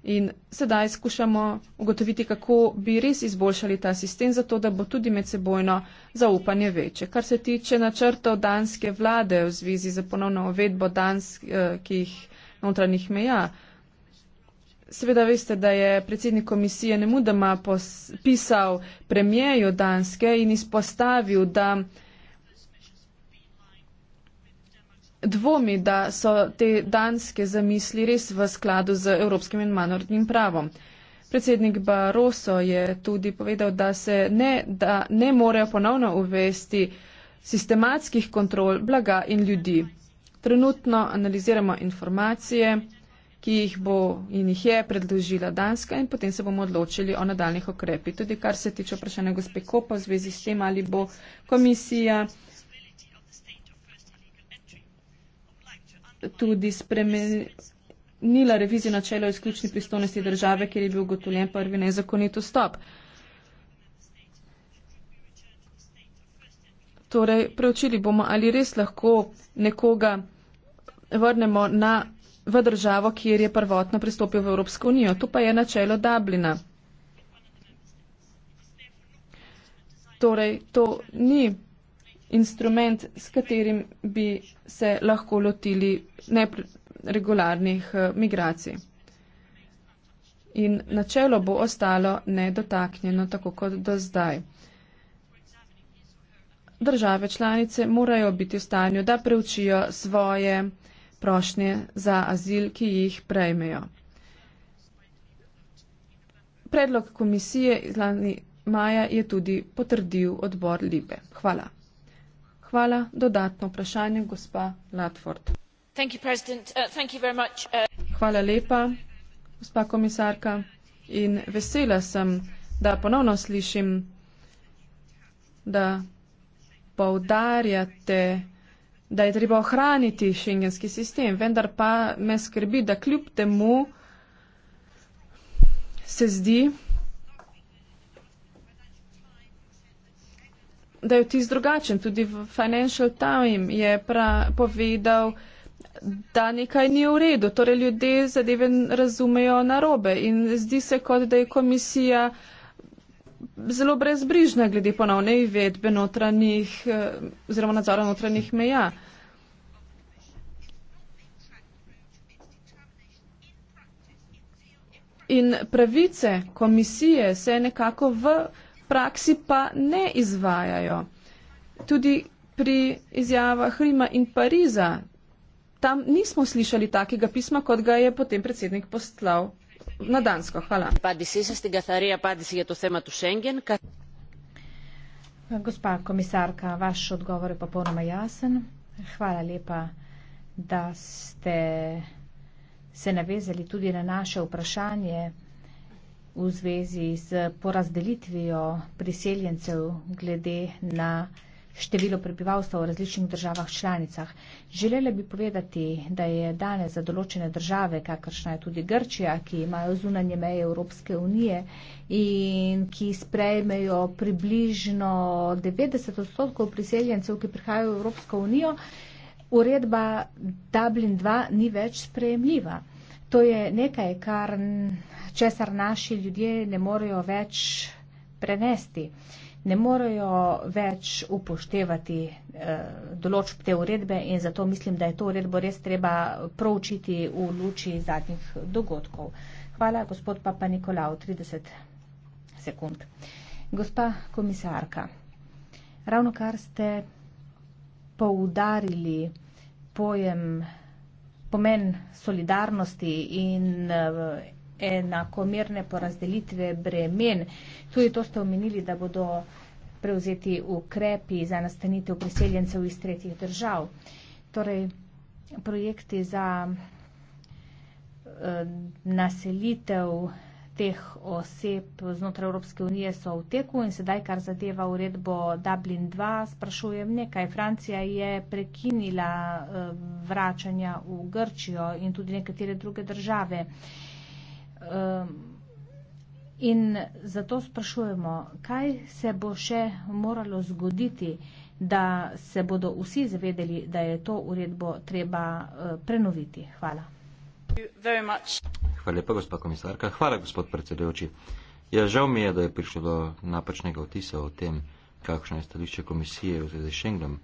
In sedaj skušamo ugotoviti, kako bi res izboljšali ta sistem, zato da bo tudi medsebojno zaupanje večje. Kar se tiče načrtov danske vlade v zvezi z ponovno uvedbo danskih eh, notranjih meja, seveda veste, da je predsednik komisije nemudoma pisal premijeju danske in izpostavil, da. dvomi, da so te danske zamisli res v skladu z evropskim in manjordnim pravom. Predsednik Barroso je tudi povedal, da se ne, da ne morejo ponovno uvesti sistematskih kontrol blaga in ljudi. Trenutno analiziramo informacije, ki jih bo in jih je predložila Danska in potem se bomo odločili o nadaljnih okrepih. Tudi kar se tiče vprašanja gospe Kopa v zvezi s tem, ali bo komisija. tudi spremenila revizijo načela izključni pristojnosti države, kjer je bil ugotovljen prvi nezakonit vstop. Torej, preučili bomo, ali res lahko nekoga vrnemo na, v državo, kjer je prvotno pristopil v Evropsko unijo. To pa je načelo Dublina. Torej, to ni instrument, s katerim bi se lahko lotili neregularnih eh, migracij. In načelo bo ostalo nedotaknjeno, tako kot do zdaj. Države članice morajo biti v stanju, da preučijo svoje prošnje za azil, ki jih prejmejo. Predlog komisije iz lani maja je tudi potrdil odbor Libe. Hvala. Hvala. Dodatno vprašanje, gospa Latford. Uh, uh, Hvala lepa, gospa komisarka. In vesela sem, da ponovno slišim, da povdarjate, da je treba ohraniti šengenski sistem. Vendar pa me skrbi, da kljub temu se zdi, da je vtis drugačen. Tudi v Financial Times je pra, povedal, da nekaj ni v redu, torej ljudje zadeve razumejo narobe in zdi se, kot da je komisija zelo brezbrižna glede ponovne izvedbe notranjih eh, oziroma nadzora notranjih meja. In pravice komisije se nekako v praksi pa ne izvajajo. Tudi pri izjavah Rima in Pariza tam nismo slišali takega pisma, kot ga je potem predsednik poslal na Dansko. Hvala. Gospa komisarka, vaš odgovor je popolnoma jasen. Hvala lepa, da ste se navezali tudi na naše vprašanje v zvezi z porazdelitvijo priseljencev glede na število prebivalstva v različnih državah članicah. Želela bi povedati, da je danes za določene države, kakršna je tudi Grčija, ki imajo zunanje meje Evropske unije in ki sprejmejo približno 90 odstotkov priseljencev, ki prihajajo v Evropsko unijo, uredba Dublin 2 ni več sprejemljiva. To je nekaj, kar česar naši ljudje ne morejo več prenesti. Ne morejo več upoštevati eh, določb te uredbe in zato mislim, da je to uredbo res treba proučiti v luči zadnjih dogodkov. Hvala, gospod Papa Nikolao, 30 sekund. Gospa komisarka, ravno kar ste poudarili pojem, pomen solidarnosti in eh, enakomerne porazdelitve bremen. Tudi to ste omenili, da bodo prevzeti ukrepi za nastanitev priseljencev iz tretjih držav. Torej, projekti za eh, naselitev teh oseb znotraj Evropske unije so v teku in sedaj, kar zadeva uredbo Dublin 2, sprašujem nekaj. Francija je prekinila eh, vračanja v Grčijo in tudi nekatere druge države. Eh, Um, in zato sprašujemo, kaj se bo še moralo zgoditi, da se bodo vsi zavedeli, da je to uredbo treba e, prenoviti. Hvala. Hvala lepa, gospod komisarka. Hvala, gospod predsedujoči. Ja, žal mi je, da je prišlo do napačnega otisa o tem, kakšno je stališče komisije v zvezi s Schengenom.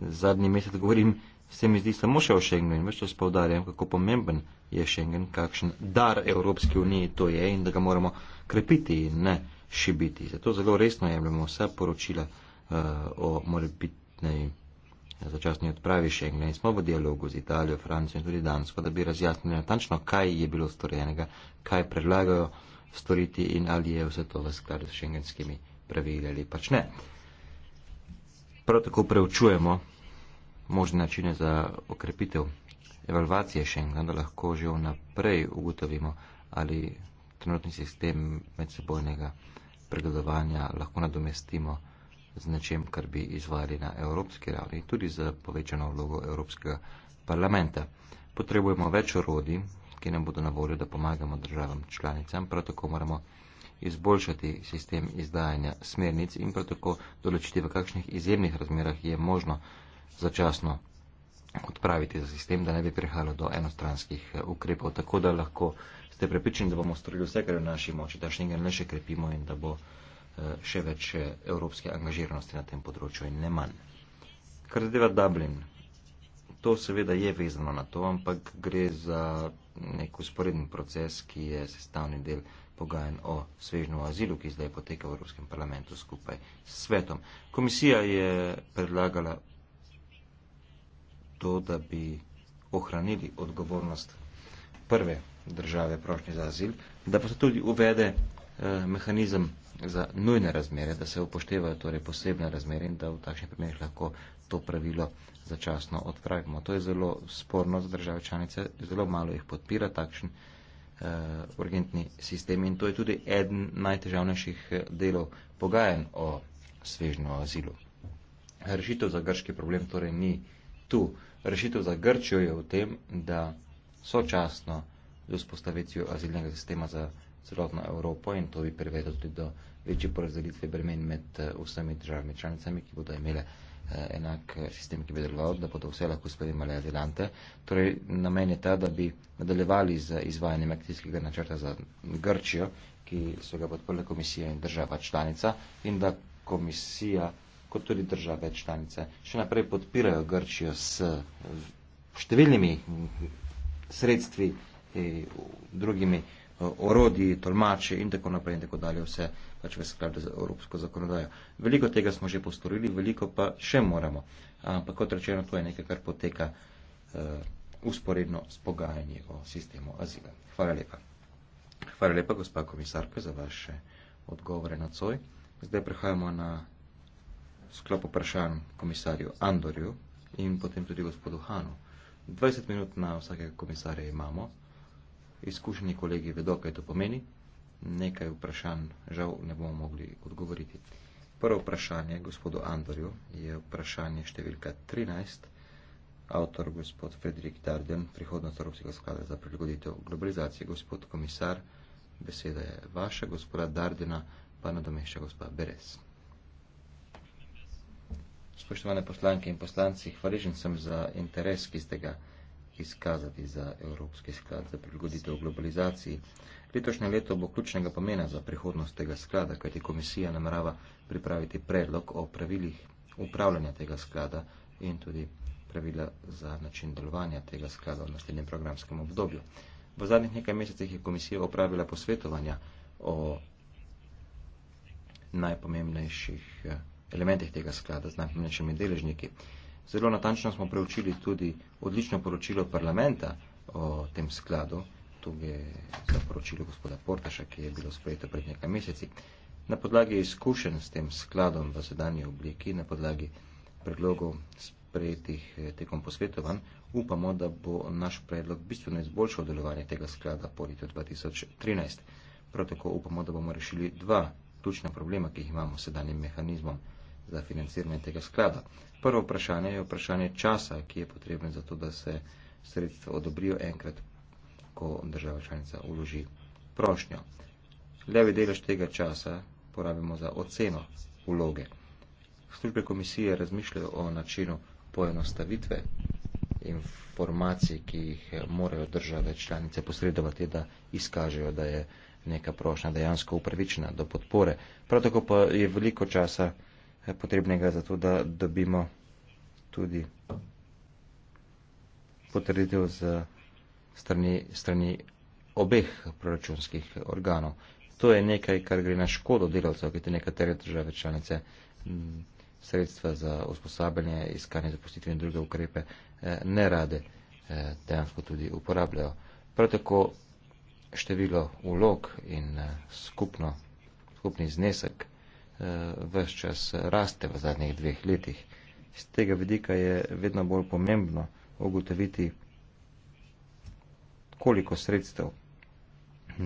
Zadnji mesec govorim se mi zdi samo še o Schengenu in več čas povdarjam, kako pomemben je Schengen, kakšen dar Evropski uniji to je in da ga moramo krepiti in ne šibiti. Zato zelo resno jemljamo vse poročila uh, o morebitnej eh, začasni odpravi Schengena in smo v dialogu z Italijo, Francijo in tudi Dansko, da bi razjasnili natančno, kaj je bilo storjenega, kaj predlagajo storiti in ali je vse to v skladu s šengenskimi pravili ali pač ne. Prav tako preučujemo možne načine za okrepitev evalvacije Schengen, da lahko že vnaprej ugotovimo, ali trenutni sistem medsebojnega pregledovanja lahko nadomestimo z nečem, kar bi izvali na evropski ravni, tudi z povečano vlogo Evropskega parlamenta. Potrebujemo več orodi, ki nam bodo na voljo, da pomagamo državam članicam, prav tako moramo izboljšati sistem izdajanja smernic in prav tako določiti, v kakšnih izjemnih razmerah je možno začasno odpraviti za sistem, da ne bi prihajalo do enostranskih eh, ukrepov. Tako da lahko ste prepričani, da bomo storili vse, kar je v naši moči, da šengen le še krepimo in da bo eh, še več eh, evropske angažiranosti na tem področju in ne manj. Kar zadeva Dublin, to seveda je vezano na to, ampak gre za nek usporedni proces, ki je sestavni del pogajanj o svežnem azilu, ki zdaj poteka v Evropskem parlamentu skupaj s svetom. Komisija je predlagala to, da bi ohranili odgovornost prve države prošnje za azil, da pa se tudi uvede eh, mehanizem za nujne razmere, da se upoštevajo torej posebne razmere in da v takšnih primerih lahko to pravilo začasno odpravimo. To je zelo sporno za države članice, zelo malo jih podpira takšen eh, urgentni sistem in to je tudi eden najtežavnejših eh, delov pogajen o svežnju azilu. Rešitev za grški problem torej ni eh, tu. Rešitev za Grčijo je v tem, da sočasno z vzpostavitvijo azilnega sistema za celotno Evropo in to bi privedlo tudi do večje porazdelitve bremen med eh, vsemi državami članicami, ki bodo imele eh, enak eh, sistem, ki bi deloval, da bodo vse lahko spremljali azilante. Torej, namen je ta, da bi nadaljevali z izvajanjem akcijskega načrta za Grčijo, ki so ga podprle komisija in država članica in da komisija kot tudi države članice še naprej podpirajo Grčijo s eh, številnimi sredstvi, eh, drugimi eh, orodji, tolmači in tako naprej in tako dalje, vse pač v skladu z evropsko zakonodajo. Veliko tega smo že postorili, veliko pa še moramo. Ampak kot rečeno, to je nekaj, kar poteka uh, usporedno s pogajanji o sistemu azila. Hvala lepa. Hvala lepa, gospa komisarka, za vaše odgovore na coj. Zdaj prehajamo na sklop vprašanj komisarju Andorju in potem tudi gospodu Hanu. 20 minut na vsakega komisarja imamo. Izkušeni kolegi vedo, kaj to pomeni. Nekaj vprašanj žal ne bomo mogli odgovoriti. Prvo vprašanje gospodu Andorju je vprašanje številka 13, avtor gospod Frederik Darden, prihodnost Evropskega sklada za prilagoditev globalizacije. Gospod komisar, beseda je vaša, gospoda Dardena pa nadomešča gospod Beres. Spoštovane poslanke in poslanci, hvaležen sem za interes, ki ste ga izkazali za Evropski sklad za prilagoditev globalizaciji. Letošnje leto bo ključnega pomena za prihodnost tega sklada, kajti komisija namerava pripraviti predlog o pravilih upravljanja tega sklada in tudi pravila za način delovanja tega sklada v naslednjem programskem obdobju. V zadnjih nekaj mesecih je komisija opravila posvetovanja o najpomembnejših eh, elementih tega sklada z najpomembnejšimi deležniki. Zelo natančno smo preučili tudi odlično poročilo parlamenta o tem skladu, to je za poročilo gospoda Portaša, ki je bilo sprejeto pred nekaj meseci. Na podlagi izkušenj s tem skladom v sedanji obliki, na podlagi predlogov sprejetih eh, tekom posvetovanj, upamo, da bo naš predlog bistveno izboljšal delovanje tega sklada po letu 2013. Prav tako upamo, da bomo rešili dva ključna problema, ki jih imamo s sedanjim mehanizmom za financiranje tega sklada. Prvo vprašanje je vprašanje časa, ki je potreben za to, da se sredstva odobrijo enkrat, ko država članica uloži prošnjo. Levi delež tega časa porabimo za oceno vloge. Službe komisije razmišljajo o načinu poenostavitve informacij, ki jih morajo države članice posredovati, da izkažejo, da je neka prošnja dejansko upravičena do podpore. Prav tako pa je veliko časa Eh, potrebnega za to, da dobimo tudi potrditev z strani, strani obeh proračunskih organov. To je nekaj, kar gre na škodo delavcev, ki te nekatere države članice sredstva za usposabljanje, iskanje zaposlitve in druge ukrepe eh, ne rade eh, dejansko tudi uporabljajo. Prav tako število ulog in skupno, skupni znesek Eh, vse čas raste v zadnjih dveh letih. Z tega vidika je vedno bolj pomembno ugotoviti, koliko sredstev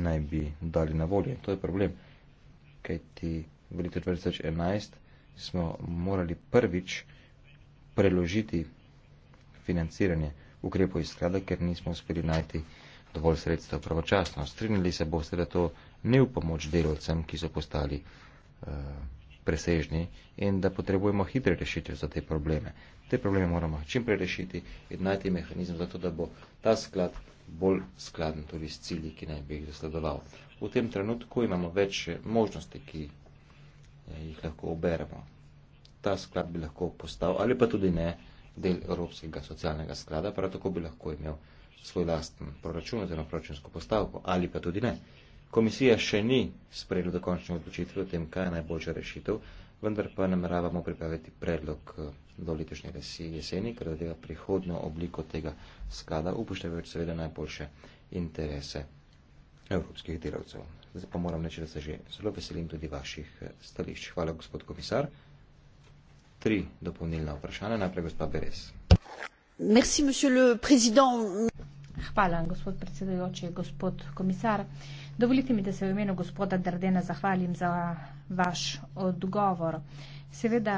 naj bi dali na voljo. To je problem, kaj ti v letu 2011 smo morali prvič preložiti financiranje ukrepov iz sklada, ker nismo uspeli najti dovolj sredstev pravočasno. Strinjali se boste, da to ni v pomoč delovcem, ki so postali Eh, presežni in da potrebujemo hitre rešitve za te probleme. Te probleme moramo čim prej rešiti in najti mehanizem za to, da bo ta sklad bolj skladen tudi s cilji, ki naj bi jih zasledoval. V tem trenutku imamo več možnosti, ki eh, jih lahko oberemo. Ta sklad bi lahko postal ali pa tudi ne del Evropskega socialnega sklada, prav tako bi lahko imel svoj lasten proračun oziroma proračunsko postavko ali pa tudi ne. Komisija še ni sprejela dokončne odločitve o tem, kaj je najboljša rešitev, vendar pa nameravamo pripraviti predlog eh, do letošnjega jeseni, ker zadeva prihodno obliko tega sklada, upoštevajoč seveda najboljše interese evropskih delavcev. Zdaj pa moram reči, da se že zelo veselim tudi vaših eh, stališč. Hvala, gospod komisar. Tri dopolnilna vprašanja. Najprej gospod Beres. Merci, monsieur le président. Hvala, gospod predsedujoči, gospod komisar. Dovolite mi, da se v imenu gospoda Dardena zahvalim za vaš odgovor. Seveda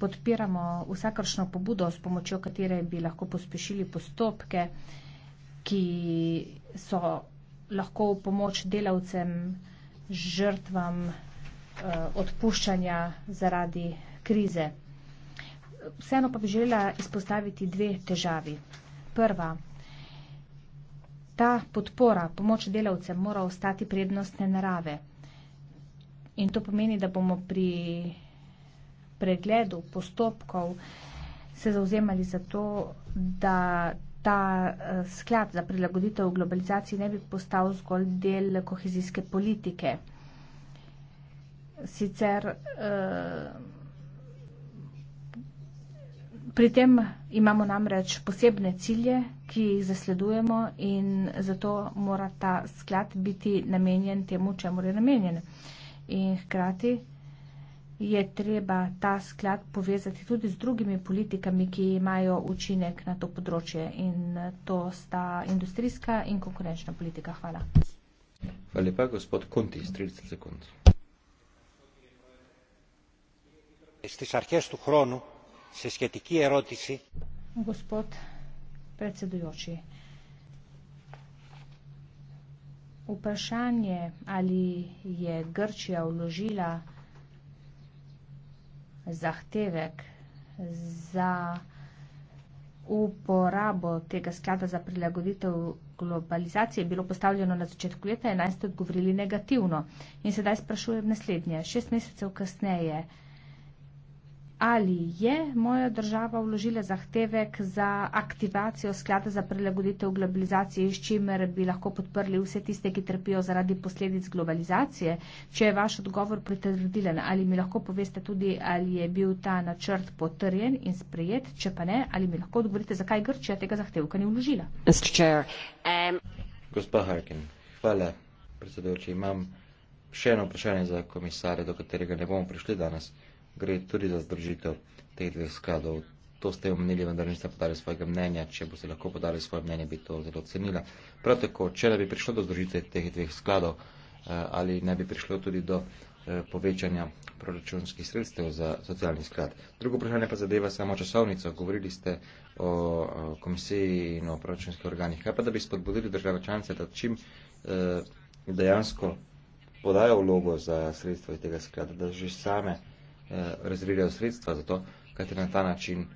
podpiramo vsakršno pobudo, s pomočjo katere bi lahko pospešili postopke, ki so lahko v pomoč delavcem, žrtvam eh, odpuščanja zaradi krize. Vseeno pa bi želela izpostaviti dve težavi. Prva ta podpora, pomoč delavcem mora ostati prednostne narave. In to pomeni, da bomo pri pregledu postopkov se zauzemali za to, da ta eh, sklad za prilagoditev globalizaciji ne bi postal zgolj del kohezijske politike. Sicer eh, Pri tem imamo namreč posebne cilje, ki jih zasledujemo in zato mora ta sklad biti namenjen temu, čemu je namenjen. In hkrati je treba ta sklad povezati tudi z drugimi politikami, ki imajo učinek na to področje in to sta industrijska in konkurenčna politika. Hvala. Hvala lepa, gospod Kunti, 30 sekund. Iz tisarkestu hronu σε σχετική ερώτηση. Vprašanje, ali je Grčija vložila zahtevek za uporabo tega sklada za prilagoditev globalizacije, je bilo postavljeno na začetku leta 2011, odgovorili negativno. In sedaj sprašujem naslednje. Šest mesecev kasneje ali je moja država vložila zahtevek za aktivacijo sklada za prilagoditev globalizacije, s čimer bi lahko podprli vse tiste, ki trpijo zaradi posledic globalizacije? Če je vaš odgovor pritrdilen, ali mi lahko poveste tudi, ali je bil ta načrt potrjen in sprejet? Če pa ne, ali mi lahko odgovorite, zakaj Grčija tega zahtevka ni vložila? Gospa Harkin, hvala, predsedujoči. Imam še eno vprašanje za komisare, do katerega ne bomo prišli danes gre tudi za združitev teh dveh skladov. To ste omenili, vendar niste podali svojega mnenja. Če boste lahko podali svoje mnenje, bi to zelo cenila. Prav tako, če ne bi prišlo do združitve teh dveh skladov eh, ali ne bi prišlo tudi do eh, povečanja proračunskih sredstev za socialni sklad. Drugo vprašanje pa zadeva samo časovnico. Govorili ste o eh, komisiji in o proračunskih organih. Kaj pa, da bi spodbudili države članice, da čim dejansko podajo vlogo za sredstvo iz tega sklada, da že same Eh, razredajo sredstva za to, kajte na ta način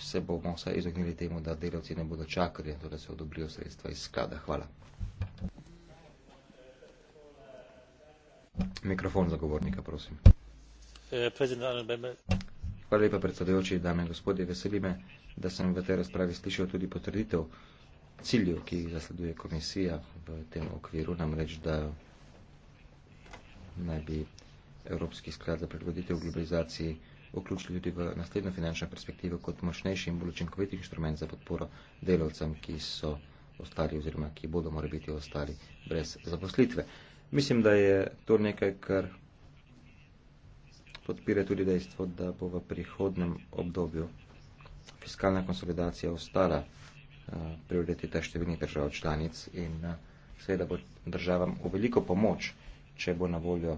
se bomo vsaj izognili temu, da delavci ne bodo čakali, da se odobrijo sredstva iz sklada. Hvala. Mikrofon za govornika, prosim. Eh, Hvala lepa, predsedujoči, dame in gospodje. Veseli me, da sem v tej razpravi slišal tudi potrditev ciljev, ki jih zasleduje komisija v tem okviru, namreč, da naj bi. Evropski sklad za prilagoditev globalizaciji vključili tudi v naslednjo finančno perspektivo kot močnejši in bolj učinkovit inštrument za podporo delavcem, ki so ostali oziroma ki bodo morali biti ostali brez zaposlitve. Mislim, da je to nekaj, kar podpira tudi dejstvo, da bo v prihodnem obdobju fiskalna konsolidacija ostala eh, prioriteta številnih držav članic in eh, seveda bo državam v veliko pomoč, če bo na voljo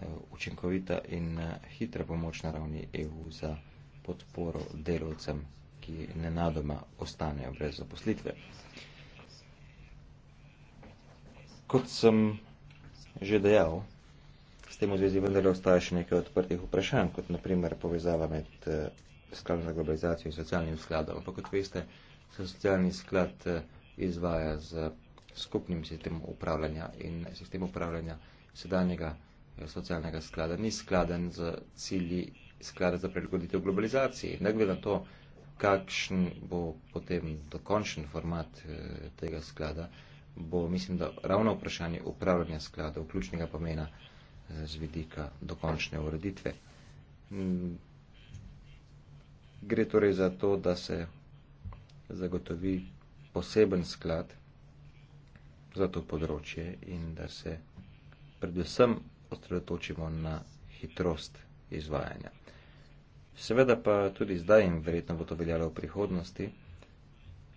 Eh, učinkovita in eh, hitra pomoč na ravni EU za podporo delovcem, ki nenadoma ostanejo brez zaposlitve. Kot sem že dejal, s tem v zvezi vendar ostaja še nekaj odprtih vprašanj, kot naprimer povezava med eh, skladom za globalizacijo in socialnim skladom. Ampak kot veste, se socialni sklad izvaja z skupnim sistemom upravljanja in sistem upravljanja sedanjega socialnega sklada ni skladen z cilji sklada za prilagoditev globalizaciji. Ne glede na to, kakšen bo potem dokončen format eh, tega sklada, bo mislim, da ravno vprašanje upravljanja sklada, vključnega pomena eh, z vidika dokončne ureditve. Mm. Gre torej za to, da se zagotovi poseben sklad za to področje in da se predvsem osredotočimo na hitrost izvajanja. Seveda pa tudi zdaj in verjetno bo to veljalo v prihodnosti,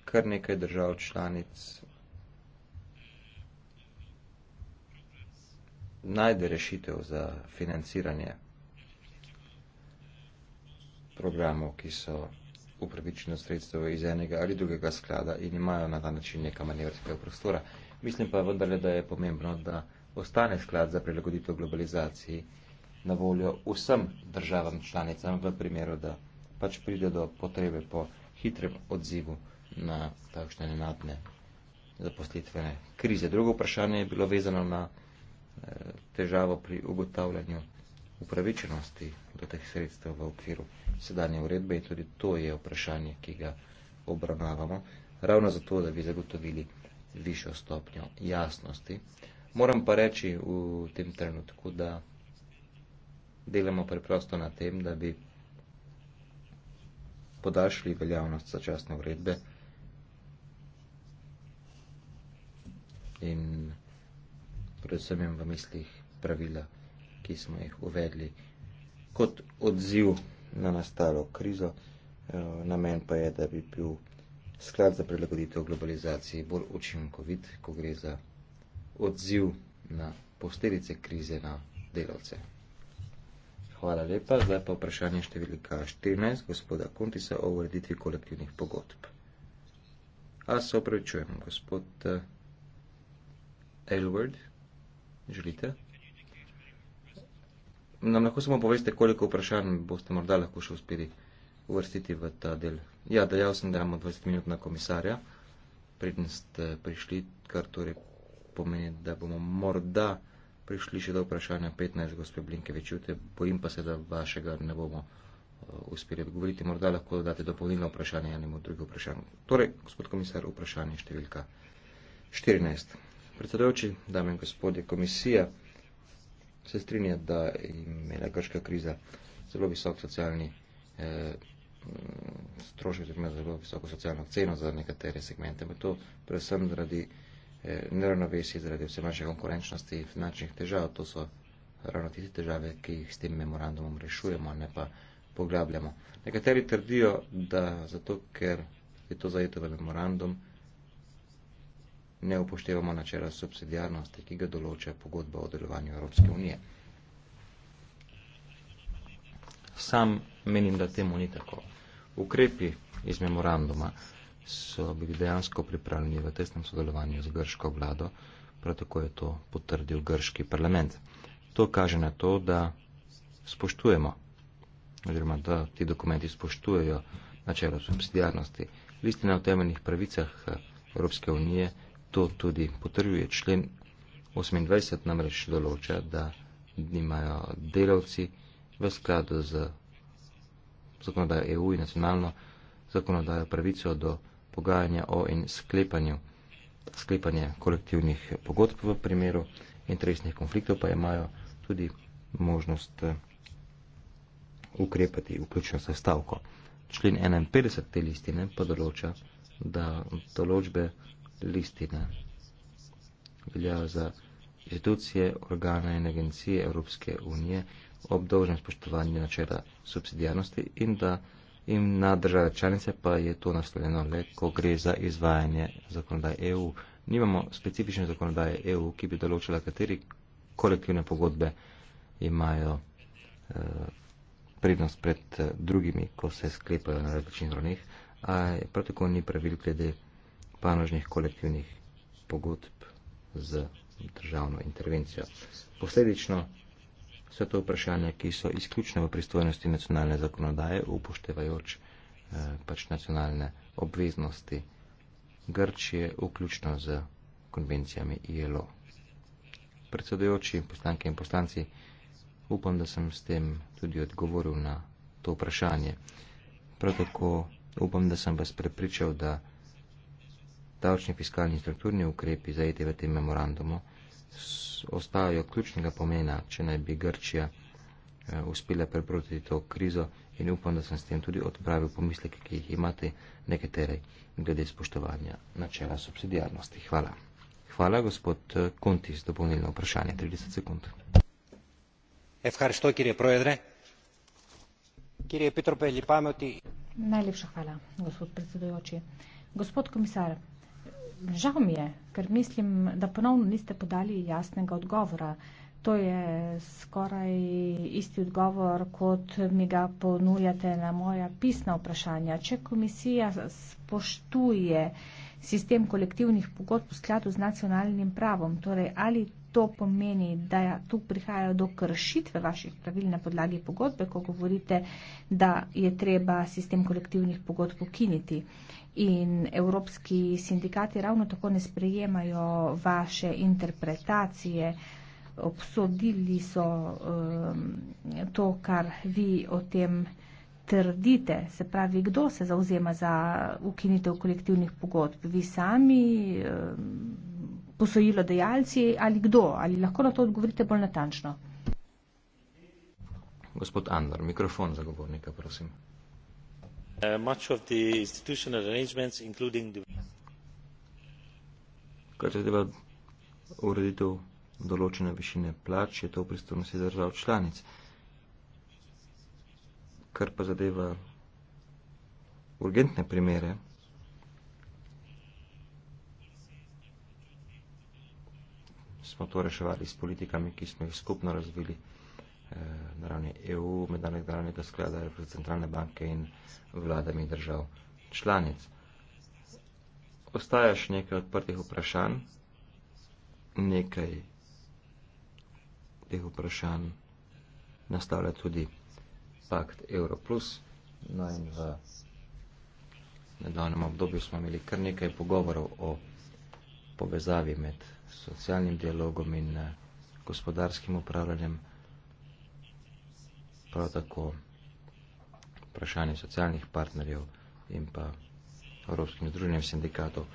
kar nekaj držav članic najde rešitev za financiranje programov, ki so upravičeno sredstvo iz enega ali drugega sklada in imajo na ta način nekaj manjvrskega prostora. Mislim pa vendarle, da je pomembno, da ostane sklad za prilagoditev globalizaciji na voljo vsem državam članicam v primeru, da pač pride do potrebe po hitrem odzivu na takšne nenadne zaposlitvene krize. Drugo vprašanje je bilo vezano na eh, težavo pri ugotavljanju upravičenosti do teh sredstev v okviru sedanje uredbe in tudi to je vprašanje, ki ga obravnavamo, ravno zato, da bi zagotovili višjo stopnjo jasnosti. Moram pa reči v tem trenutku, da delamo preprosto na tem, da bi podaljšali veljavnost začasne uredbe in predvsem v mislih pravila, ki smo jih uvedli kot odziv na nastalo krizo. E, namen pa je, da bi bil sklad za prilagoditev globalizaciji bolj učinkovit, ko gre za odziv na posledice krize na delavce. Hvala lepa. Zdaj pa vprašanje številka 14 gospoda Kuntisa o ureditvi kolektivnih pogodb. A se opravičujem, gospod eh, Elward, želite? Nam lahko samo poveste, koliko vprašanj boste morda lahko še uspeli uvrstiti v ta del. Ja, dejal sem, da imamo 20 minut na komisarja, predtem ste prišli, kar torej pomeni, da bomo morda prišli še do vprašanja 15 gospe Blinkevičute, bojim pa se, da vašega ne bomo eh, uspeli odgovoriti. Morda lahko dodate dopolnilno vprašanje enemu drugemu vprašanju. Torej, gospod komisar, vprašanje številka 14. Predsedujoči, dame in gospodje, komisija se strinja, da je imela grška kriza zelo visok socialni eh, strošek, zelo visoko socialno ceno za nekatere segmente. To predvsem zaradi Eh, neravnovesij zaradi vse manjše konkurenčnosti in finančnih težav. To so ravno tiste težave, ki jih s tem memorandumom rešujemo, ne pa poglabljamo. Nekateri trdijo, da zato, ker je to zajeto v memorandum, ne upoštevamo načela subsidijarnosti, ki ga določa pogodba o delovanju Evropske unije. Sam menim, da temu ni tako. Ukrepi iz memoranduma so bili dejansko pripravljeni v tesnem sodelovanju z grško vlado, prav tako je to potrdil grški parlament. To kaže na to, da spoštujemo, oziroma da ti dokumenti spoštujejo načelo subsidijarnosti. Listina o temeljnih pravicah eh, Evropske unije to tudi potrjuje. Člen 28 namreč določa, da imajo delavci v skladu z zakonodajo EU in nacionalno zakonodajo pravico do pogajanja o in sklepanju, sklepanje kolektivnih pogodb v primeru interesnih konfliktov pa imajo tudi možnost eh, ukrepati vključno se stavko. Člen 51 te listine pa določa, da določbe listine veljajo za institucije, organe in agencije Evropske unije ob dolžnem spoštovanju načela subsidijarnosti in da in na države članice pa je to naslovljeno le, ko gre za izvajanje zakonodaje EU. Nimamo specifične zakonodaje EU, ki bi določila, kateri kolektivne pogodbe imajo eh, prednost pred eh, drugimi, ko se sklepajo na različnih ravneh, a prav tako ni pravil glede panožnih kolektivnih pogodb z državno intervencijo. Posledično so to vprašanja, ki so izključno v pristojnosti nacionalne zakonodaje, upoštevajoč eh, pač nacionalne obveznosti Grčije, vključno z konvencijami ILO. Predsedujoči, poslanke in poslanci, upam, da sem s tem tudi odgovoril na to vprašanje. Prav tako upam, da sem vas prepričal, da davčni fiskalni strukturni ukrepi zajeti v tem memorandumu ostajajo ključnega pomena, če naj bi Grčija eh, uspela prebroditi to krizo in upam, da sem s tem tudi odpravil pomisleke, ki jih imate nekatere glede spoštovanja načela subsidijarnosti. Hvala. Hvala, gospod eh, Kontis, dopolnilno vprašanje. 30 sekund. Efkar što, kirje projedre? Kirje Petro Pelji, pameti? Najlepša hvala, gospod predsedujoči. Gospod komisar, Žal mi je, ker mislim, da ponovno niste podali jasnega odgovora. To je skoraj isti odgovor, kot mi ga ponujate na moja pisna vprašanja. Če komisija spoštuje sistem kolektivnih pogodb v skladu z nacionalnim pravom, torej ali to pomeni, da tu prihajajo do kršitve vaših pravil na podlagi pogodbe, ko govorite, da je treba sistem kolektivnih pogodb ukiniti. In evropski sindikati ravno tako ne sprejemajo vaše interpretacije, obsodili so um, to, kar vi o tem trdite. Se pravi, kdo se zauzema za ukinitev kolektivnih pogodb? Vi sami? Um, posojilo dejalci ali kdo? Ali lahko na to odgovorite bolj natančno? Gospod Andor, mikrofon za govornika, prosim. Uh, Kar se deva ureditev določene višine plač, je to v pristojnosti držav članic. Kar pa zadeva urgentne primere, smo to reševali s politikami, ki smo jih skupno razvili eh, na ravni EU, mednarodnega sklada, reprezentantne banke in vladami držav članic. Ostaja še nekaj odprtih vprašanj, nekaj teh vprašanj nastavlja tudi pakt Euro Plus. No in v nedavnem obdobju smo imeli kar nekaj pogovorov o povezavi med socialnim dialogom in eh, gospodarskim upravljanjem, prav tako vprašanje socialnih partnerjev in pa Evropskim združenjem sindikatov.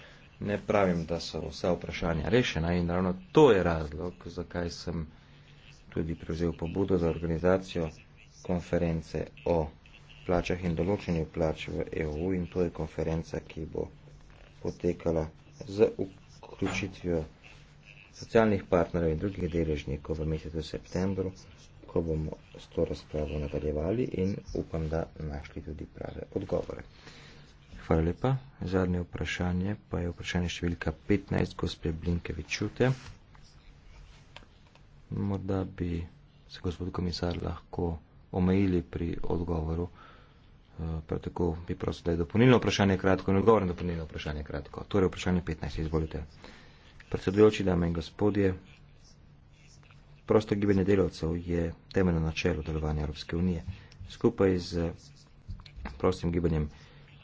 Ne pravim, da so vse vprašanja rešena in ravno to je razlog, zakaj sem tudi prevzel pobudo za organizacijo konference o plačah in določenju plač v EU in to je konferenca, ki bo potekala z vključitvijo socialnih partnerjev in drugih deležnikov v mesecu septembru, ko bomo s to razpravo nadaljevali in upam, da našli tudi prave odgovore. Hvala lepa. Zadnje vprašanje pa je vprašanje številka 15, gospe Blinkevičute. Morda bi se gospod komisar lahko omejili pri odgovoru. Eh, prav tako bi prosil, da je dopolnilno vprašanje kratko in odgovor na dopolnilno vprašanje kratko. Torej vprašanje 15, izvolite. Predsedujoči dame in gospodje, prosto gibanje delavcev je temeljno načelo delovanja Evropske unije. Skupaj z prostim gibanjem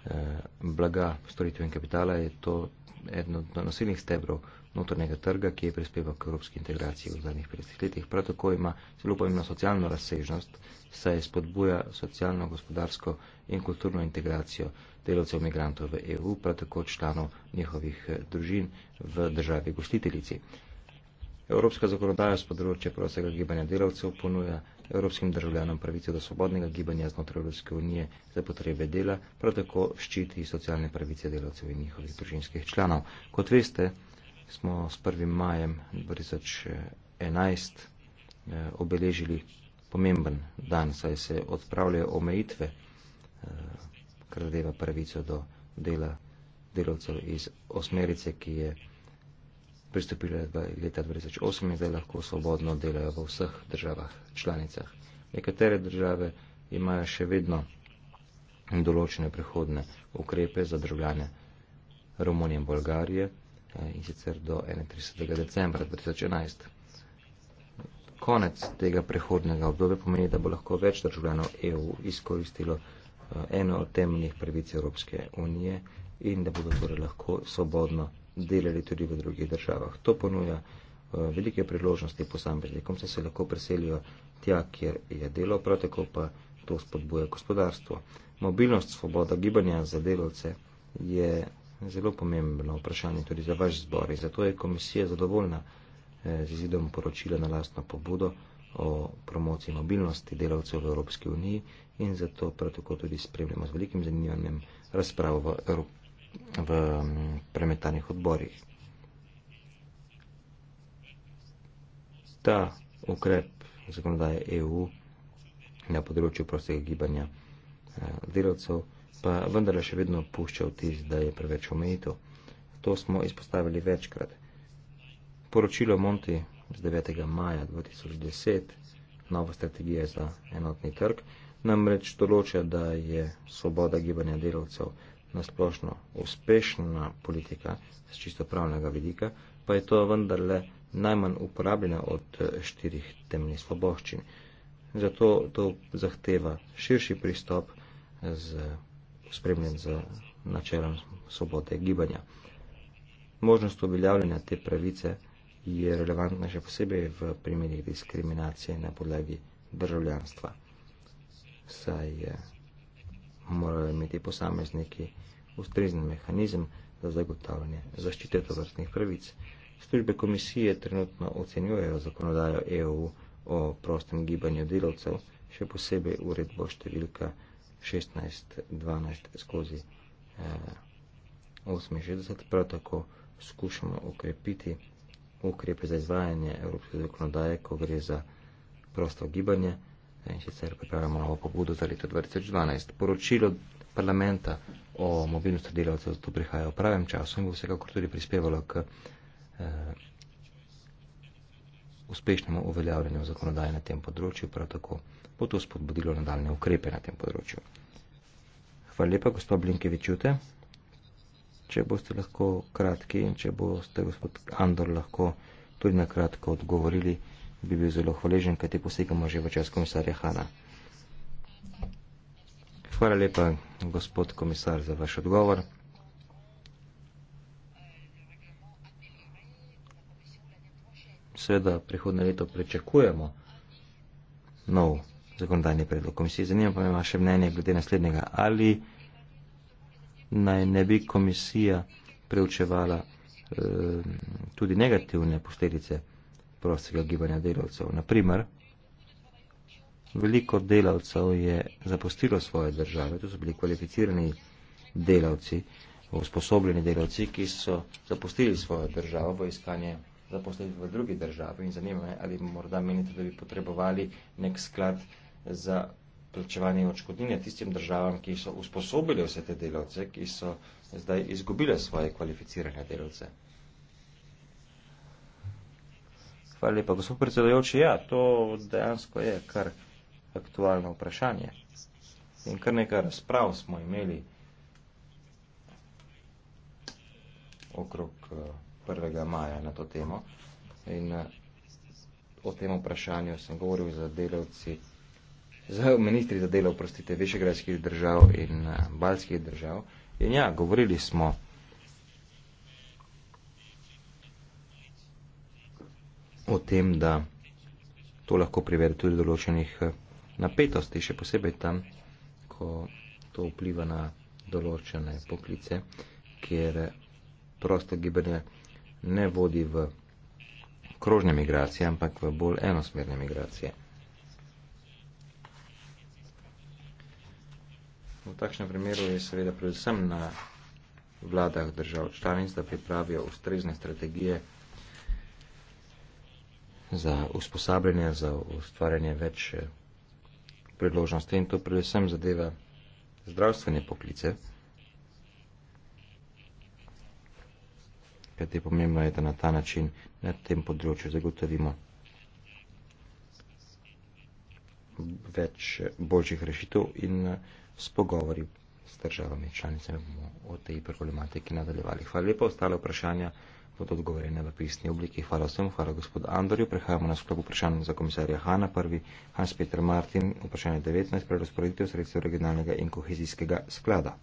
eh, blaga, storitev in kapitala je to eno od nosilnih stebrov notrnega trga, ki je prispeval k evropski integraciji v zadnjih 50 letih. Prav tako ima zelo pomembno socialno razsežnost, saj spodbuja socialno, gospodarsko in kulturno integracijo delovcev migrantov v EU, prav tako članov njihovih eh, družin v državi gostiteljici. Evropska zakonodaja z področja prostega gibanja delavcev ponuja evropskim državljanom pravice do svobodnega gibanja znotraj Evropske unije za potrebe dela, prav tako ščiti socialne pravice delavcev in njihovih družinskih članov. Kot veste, smo s 1. majem 2011 eh, obeležili pomemben dan, saj se odpravljajo omejitve, eh, kar zadeva pravico do dela delovcev iz osmerice, ki je pristopila leta 2008 in zdaj lahko svobodno delajo v vseh državah članicah. Nekatere države imajo še vedno določene prehodne ukrepe za državljane Romunije in Bolgarije. Eh, in sicer do 31. decembra 2011. Konec tega prehodnega obdobja pomeni, da bo lahko več državljanov EU izkoristilo eh, eno od temeljnih pravic Evropske unije in da bodo torej lahko svobodno delali tudi v drugih državah. To ponuja eh, velike priložnosti posameznikom, saj se lahko preselijo tja, kjer je delo, prav tako pa to spodbuja gospodarstvo. Mobilnost, svoboda gibanja za delavce je Zelo pomembno vprašanje tudi za vaš zbor in zato je komisija zadovoljna eh, z izidom poročila na lastno pobudo o promociji mobilnosti delavcev v Evropski uniji in zato prav tako tudi spremljamo z velikim zanimanjem razpravo v, Evrop v mm, premetanih odborih. Ta ukrep zakonodaje EU na področju prostega gibanja eh, delavcev pa vendar še vedno pušča vtis, da je preveč omejito. To smo izpostavili večkrat. Poročilo Monti z 9. maja 2010, nova strategija za enotni trg, namreč določa, da je svoboda gibanja delavcev nasplošno uspešna politika z čisto pravnega vidika, pa je to vendarle najmanj uporabljena od štirih temeljnih svoboščin. Zato to zahteva širši pristop z spremljen z načelom svobode gibanja. Možnost objavljanja te pravice je relevantna še posebej v primerih diskriminacije na podlagi državljanstva, saj eh, morajo imeti posamezniki ustrezen mehanizem za zagotavljanje zaščite tovrstnih pravic. Službe komisije trenutno ocenjujejo zakonodajo EU o prostem gibanju delavcev, še posebej uredbo številka 16-12 skozi eh, 8-60. Prav tako skušamo ukrepiti ukrepe za izvajanje evropske zakonodaje, ko gre za prosto gibanje eh, in sicer pripravljamo novo pobudo za leto 2012. Poročilo parlamenta o mobilnosti delavcev to prihaja v pravem času in bo vsekakor tudi prispevalo k eh, uspešnemu uveljavljanju zakonodaje na tem področju, prav tako bo to spodbudilo nadaljne ukrepe na tem področju. Hvala lepa, gospod Blinkevičute. Če boste lahko kratki in če boste, gospod Andor, lahko tudi na kratko odgovorili, bi bil zelo hvaležen, kaj te posegamo že v čas komisarja Hana. Hvala lepa, gospod komisar, za vaš odgovor. seveda prihodne leto pričakujemo nov zakonodajni predlog komisije. Zanima pa me vaše mnenje glede naslednjega. Ali naj ne bi komisija preučevala eh, tudi negativne posledice prostega gibanja delavcev? Naprimer, veliko delavcev je zapustilo svoje države, to so bili kvalificirani delavci, usposobljeni delavci, ki so zapustili svojo državo v iskanje zaposliti v drugi državi in zanima me, ali morda menite, da bi potrebovali nek sklad za plačevanje očkodnine tistim državam, ki so usposobili vse te delovce, ki so zdaj izgubile svoje kvalificirane delovce. Hvala lepa, gospod predsedojoči. Ja, to dejansko je kar aktualno vprašanje. In kar nekaj razprav smo imeli okrog. Uh, 1. maja na to temo. In eh, o tem vprašanju sem govoril z delavci, z ministri za delo, prostite, Višegrajskih držav in eh, Balskih držav. In ja, govorili smo. o tem, da to lahko privede tudi določenih eh, napetosti, še posebej tam, ko to vpliva na določene poklice, kjer prosto gibanje ne vodi v krožne migracije, ampak v bolj enosmerne migracije. V takšnem primeru je seveda predvsem na vladah držav članic, da pripravijo ustrezne strategije za usposabljanje, za ustvarjanje več eh, priložnosti in to predvsem zadeva zdravstvene poklice. Kajti pomembno je, da na ta način na tem področju zagotovimo več božjih rešitev in eh, s pogovori s državami članicami bomo o tej problematiki nadaljevali. Hvala lepa, ostale vprašanja bodo odgovorjene v pisni obliki. Hvala vsem, hvala gospodu Andorju. Prehajamo na sklop vprašanj za komisarja Hanna. Prvi Hans Peter Martin, vprašanje 19, prerasporeditev sredstev regionalnega in kohezijskega sklada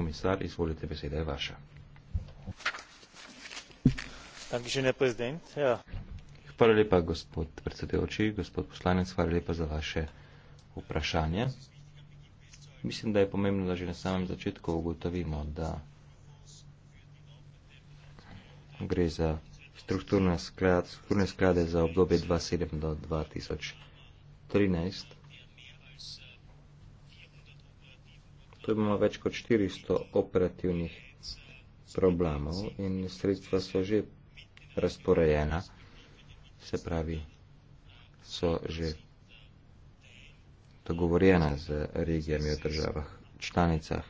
comisar, izvolite, beseda je vaša. Ja. Hvala lepa, gospod predsedevoči, gospod poslanec, hvala lepa za vaše vprašanje. Mislim, da je pomembno, da že na samem začetku ugotovimo, da gre za strukturne sklade, strukturne sklade za obdobje 2007 do 2013. imamo več kot 400 operativnih problemov in sredstva so že razporejena, se pravi, so že dogovorjena z regijami v državah članicah.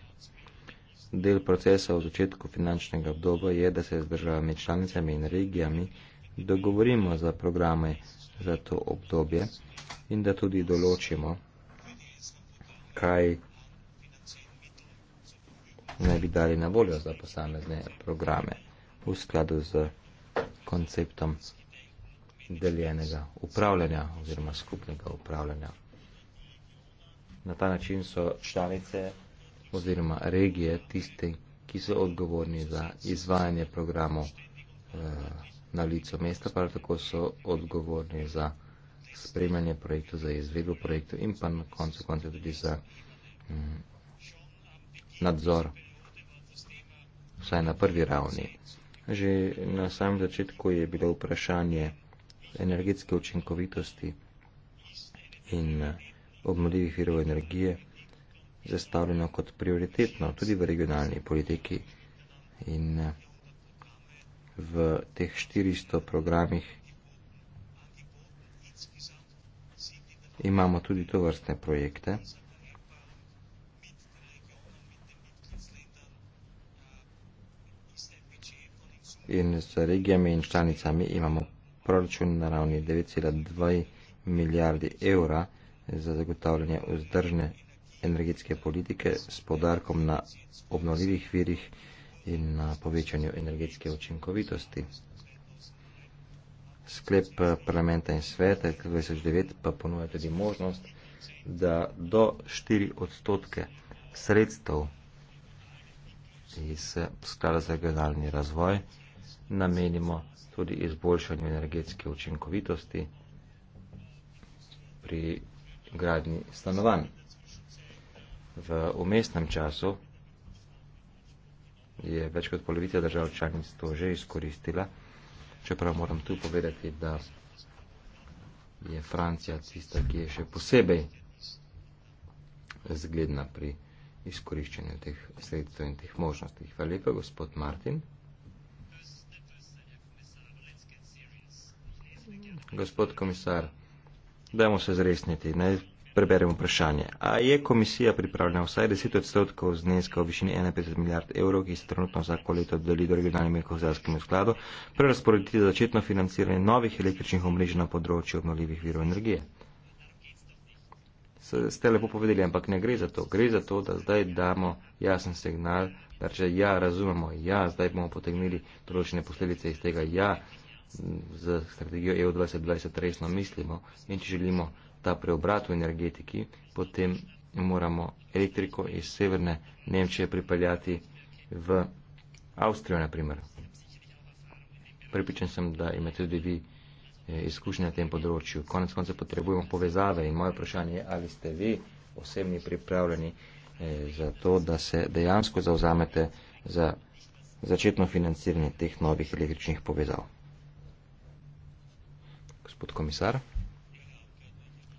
Del procesa v začetku finančnega obdobja je, da se z državami članicami in regijami dogovorimo za programe za to obdobje in da tudi določimo, kaj naj bi dali na voljo za posamezne programe v skladu z konceptom deljenega upravljanja oziroma skupnega upravljanja. Na ta način so članice oziroma regije tiste, ki so odgovorni za izvajanje programov eh, na licu mesta, pa tako so odgovorni za spremljanje projektov, za izvedbo projektov in pa na koncu konca tudi za hm, nadzor vsaj na prvi ravni. Že na samem začetku je bilo vprašanje energetske učinkovitosti in eh, obnovljivih virov energije zastavljeno kot prioritetno tudi v regionalni politiki in eh, v teh 400 programih imamo tudi to vrstne projekte. in s regijami in članicami imamo proračun na ravni 9,2 milijardi evra za zagotavljanje vzdržne energetske politike s podarkom na obnovljivih virih in na povečanju energetske učinkovitosti. Sklep eh, parlamenta in sveta 29 pa ponuja tudi možnost, da do 4 odstotke sredstev iz sklada za regionalni razvoj namenimo tudi izboljšanju energetske učinkovitosti pri gradni stanovanj. V umestnem času je več kot polovica držav članic to že izkoristila, čeprav moram tu povedati, da je Francija tista, ki je še posebej zgledna pri izkoriščanju teh sredstev in teh možnosti. Hvala lepa, gospod Martin. Gospod komisar, dajmo se zresniti. Ne? Preberemo vprašanje. A je komisija pripravljena vsaj 10 odstotkov zneska v višini 51 milijard evrov, ki se trenutno za koleto deli do regionalnim ekozarskim skladu, prerasporediti za začetno financiranje novih električnih omrežij na področju obnovljivih virov energije? S, ste lepo povedali, ampak ne gre za to. Gre za to, da zdaj damo jasen signal, da če ja, razumemo, ja, zdaj bomo potegnili določene posledice iz tega, ja, z strategijo EU 2020 resno mislimo in če želimo ta preobrat v energetiki, potem moramo elektriko iz severne Nemčije pripeljati v Avstrijo, na primer. Pripričan sem, da imate tudi vi eh, izkušnje na tem področju. Konec konca potrebujemo povezave in moje vprašanje je, ali ste vi osebni pripravljeni eh, za to, da se dejansko zauzamete za začetno financiranje teh novih električnih povezav gospod komisar.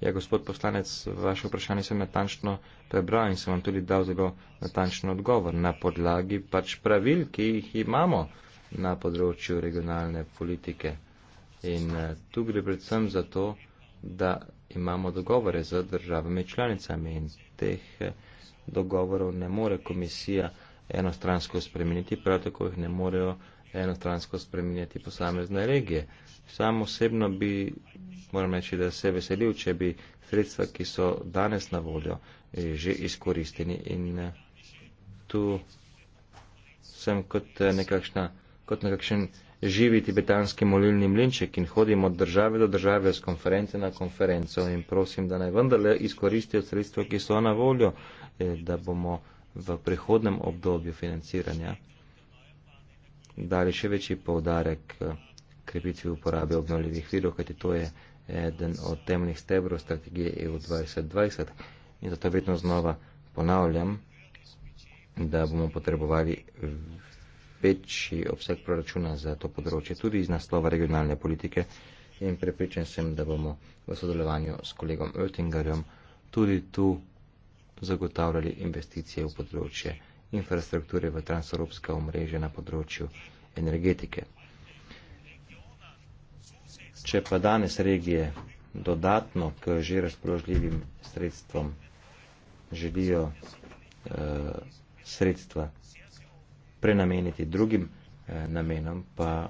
Ja, gospod poslanec, vaše vprašanje sem natančno prebral in sem vam tudi dal zelo natančen odgovor na podlagi pač pravil, ki jih imamo na področju regionalne politike. In eh, tu gre predvsem za to, da imamo dogovore z državami članicami in teh eh, dogovorov ne more komisija enostransko spremeniti, prav tako jih ne morejo enostransko spremeniti posamezne regije. Sam osebno bi, moram reči, da se veselil, če bi sredstva, ki so danes na voljo, eh, že izkoristili in eh, tu sem kot, eh, nekakšna, kot nekakšen živi tibetanski molilni mlinček in hodim od države do države z konference na konferenco in prosim, da naj vendarle izkoristijo sredstva, ki so na voljo, da bomo v prihodnem obdobju financiranja dali še večji povdarek krepitvi uporabe obnovljivih virov, kajti to je eden od temnih stebrov strategije EU 2020 in zato vedno znova ponavljam, da bomo potrebovali večji obseg proračuna za to področje, tudi iz naslova regionalne politike in prepričan sem, da bomo v sodelovanju s kolegom Oettingerjem tudi tu zagotavljali investicije v področje infrastrukture v transevropska omrežja na področju energetike. Če pa danes regije dodatno k že razpoložljivim sredstvom želijo eh, sredstva prenameniti drugim eh, namenom, pa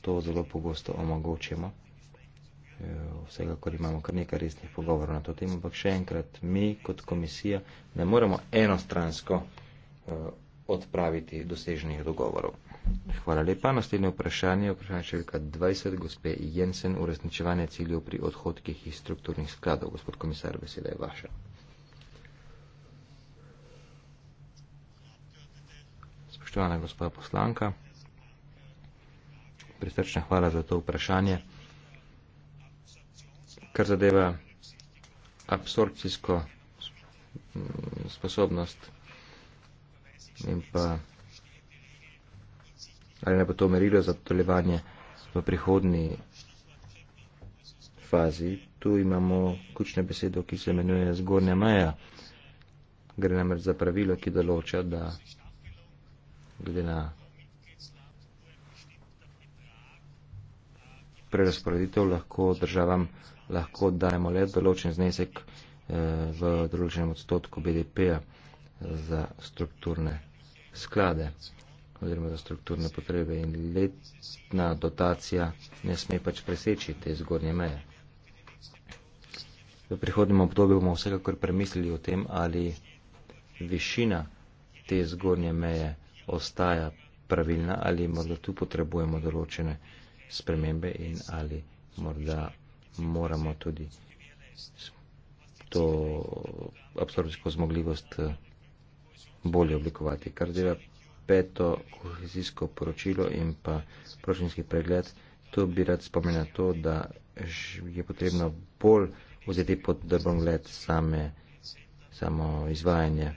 to zelo pogosto omogočimo. Eh, Vsega, kar imamo kar nekaj resnih pogovorov na to temo, ampak še enkrat, mi kot komisija ne moremo enostransko uh, odpraviti doseženih dogovorov. Hvala lepa. Naslednje vprašanje je vprašanje številka 20, gospe Jensen, uresničevanje ciljev pri odhodkih iz strukturnih skladov. Gospod komisar, beseda je vaša. Spoštovana gospa poslanka, pristrčna hvala za to vprašanje. Kar zadeva absorpcijsko mm, sposobnost in pa ali naj bo to merilo za delovanje v prihodnji fazi. Tu imamo ključne besedo, ki se imenuje zgornja meja. Gre namreč za pravilo, ki določa, da glede na prerasporeditev lahko državam lahko dajemo le določen znesek eh, v določenem odstotku BDP-ja za strukturne sklade oziroma za strukturne potrebe in letna dotacija ne sme pač preseči te zgornje meje. V prihodnjem obdobju bomo vsekakor premislili o tem, ali višina te zgornje meje ostaja pravilna ali morda tu potrebujemo določene spremembe in ali morda moramo tudi to absorpcijsko zmogljivost eh, bolje oblikovati, kar zdaj peto kohezijsko poročilo in pa prošinski pregled, tu bi rad spomenil to, da je potrebno bolj vzeti pod drbom gled same, samo izvajanje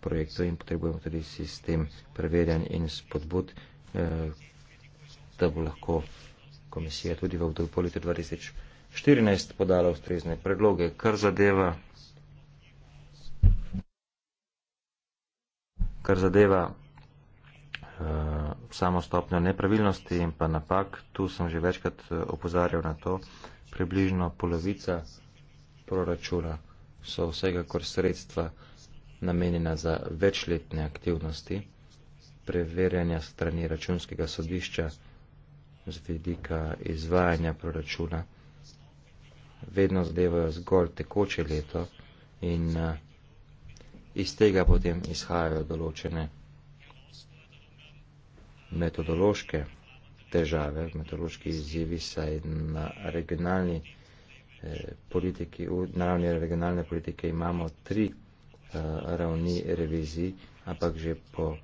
projektov in potrebujemo tudi sistem preverjanj in spodbud, eh, da bo lahko komisija tudi v obdobju po letu 2014 podala ustrezne predloge, kar zadeva. Kar zadeva Eh, samo stopnjo nepravilnosti in pa napak. Tu sem že večkrat eh, opozarjal na to. Približno polovica proračuna so vsega kor sredstva namenjena za večletne aktivnosti preverjanja strani računskega sodišča z vidika izvajanja proračuna. Vedno zadevajo zgolj tekoče leto in eh, iz tega potem izhajajo določene metodološke težave, metodološki izzivi, saj na regionalni eh, politiki, na ravni regionalne politike imamo tri eh, ravni reviziji, ampak že po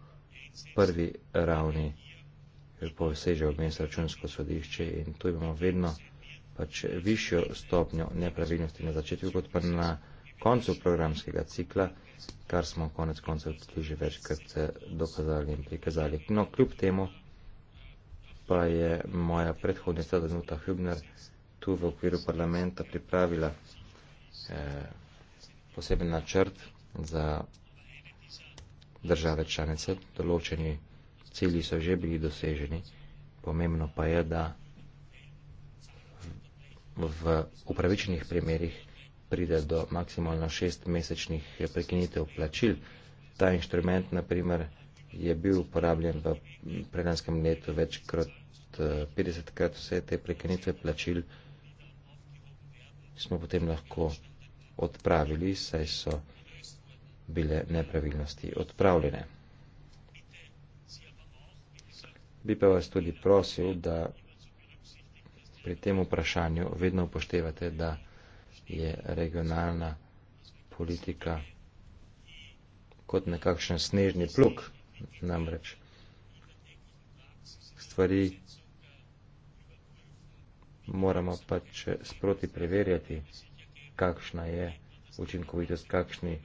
prvi ravni eh, poseže obmest računsko sodišče in tu imamo vedno pač višjo stopnjo nepravilnosti na začetku, kot pa na koncu programskega cikla, kar smo konec koncev tudi že večkrat eh, dokazali in prikazali. No, kljub temu pa je moja predhodnica Danuta Hübner tu v okviru parlamenta pripravila eh, poseben načrt za države članice. Določeni cilji so že bili doseženi. Pomembno pa je, da v upravičenih primerjih pride do maksimalno šest mesečnih prekinitev plačil. Ta inštrument, naprimer, je bil uporabljen v predanskem letu večkrat 50 krat vse te prekinitve plačil smo potem lahko odpravili, saj so bile nepravilnosti odpravljene. Bi pa vas tudi prosil, da pri tem vprašanju vedno upoštevate, da je regionalna politika kot nekakšen snežni plug, namreč stvari moramo pač sproti preverjati, kakšna je učinkovitost, kakšni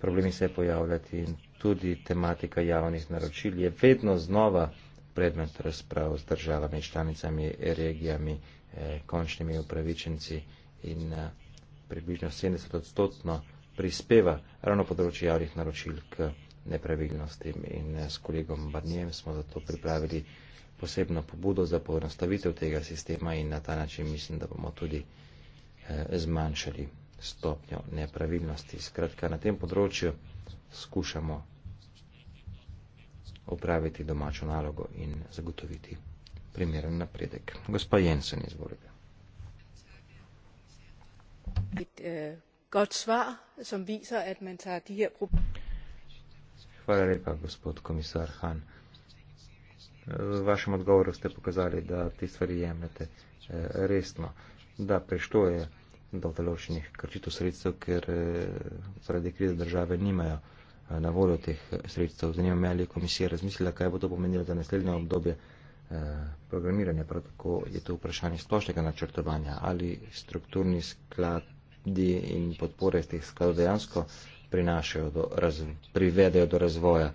problemi se pojavljati in tudi tematika javnih naročil je vedno znova predmet razprav z državami, članicami, regijami, eh, končnimi upravičenci in eh, približno 70 odstotno prispeva ravno področje javnih naročil k nepravilnostim. In eh, s kolegom Barnjem smo zato pripravili posebno pobudo za poenostavitev tega sistema in na ta način mislim, da bomo tudi eh, zmanjšali stopnjo nepravilnosti. Skratka, na tem področju skušamo upraviti domačo nalogo in zagotoviti primeren napredek. Gospa Jensen, izvolite et øh, godt svar, som viser, at man tager de her problemer. V vašem odgovoru ste pokazali, da te stvari jemljete e, resno, da prišlo je do določenih krčitev sredstev, ker eh, zaradi e, krize države nimajo e, na voljo teh sredstev. Zanima me, ali je komisija razmislila, kaj bo to pomenilo za naslednje obdobje e, programiranja. Prav tako je to vprašanje splošnega načrtovanja, ali strukturni sklad in podpore teh skladov dejansko prinašajo, do, raz, privedejo do razvoja eh,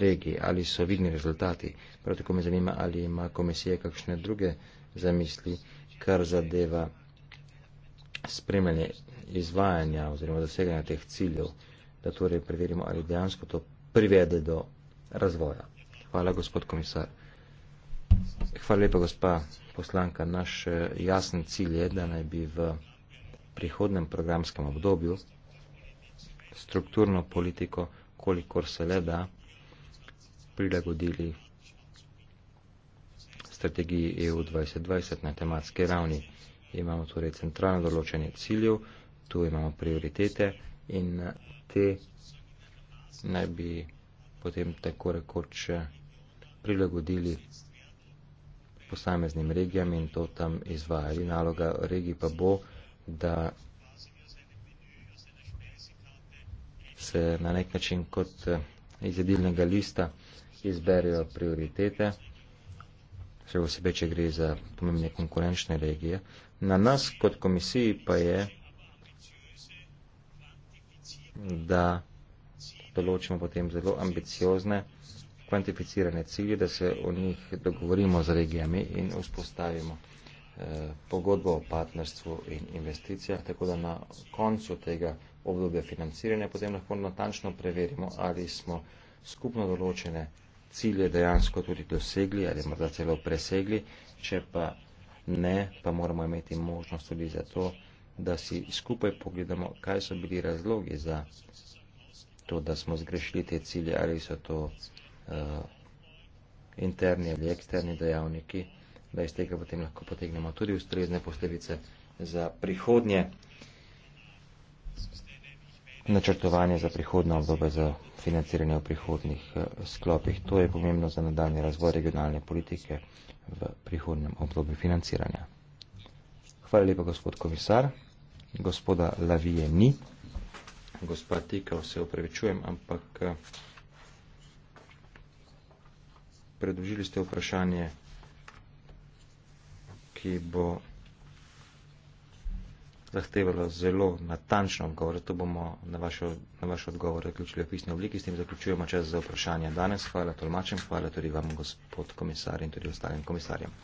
regij, ali so vidni rezultati. Prav tako me zanima, ali ima komisija kakšne druge zamisli, kar zadeva spremljanje izvajanja oziroma doseganja teh ciljev, da torej preverimo, ali dejansko to privede do razvoja. Hvala, gospod komisar. Hvala lepa, gospa poslanka. Naš eh, jasen cilj je, da naj bi v prihodnem programskem obdobju strukturno politiko, kolikor se le da, prilagodili strategiji EU 2020 na tematski ravni. Imamo torej centralno določenje ciljev, tu imamo prioritete in te naj bi potem tako rekoč eh, prilagodili posameznim regijam in to tam izvajali. Naloga regij pa bo, da se na nek način kot eh, izjedilnega lista izberijo prioritete, še posebej, če gre za pomembne konkurenčne regije. Na nas kot komisiji pa je, da določimo potem zelo ambiciozne kvantificirane cilje, da se o njih dogovorimo z regijami in vzpostavimo pogodbo o partnerstvu in investicijah, tako da na koncu tega obdobja financiranja potem lahko natančno preverimo, ali smo skupno določene cilje dejansko tudi dosegli ali morda celo presegli, če pa ne, pa moramo imeti možnost tudi za to, da si skupaj pogledamo, kaj so bili razlogi za to, da smo zgrešili te cilje, ali so to uh, interni ali eksterni dejavniki da iz tega potem lahko potegnemo tudi ustrezne posledice za prihodnje načrtovanje za prihodno obdobje za financiranje v prihodnih eh, sklopih. To je pomembno za nadaljni razvoj regionalne politike v prihodnem obdobju financiranja. Hvala lepa, gospod komisar. Gospoda Lavije ni. Gospa Tika, vse upravičujem, ampak eh, predložili ste vprašanje ki bo zahtevalo zelo natančno odgovor. To bomo na vaš, na vaš odgovor zaključili v pisni obliki. S tem zaključujemo čas za vprašanje danes. Hvala tolmačem, hvala tudi vam, gospod komisar in tudi ostalim komisarjem.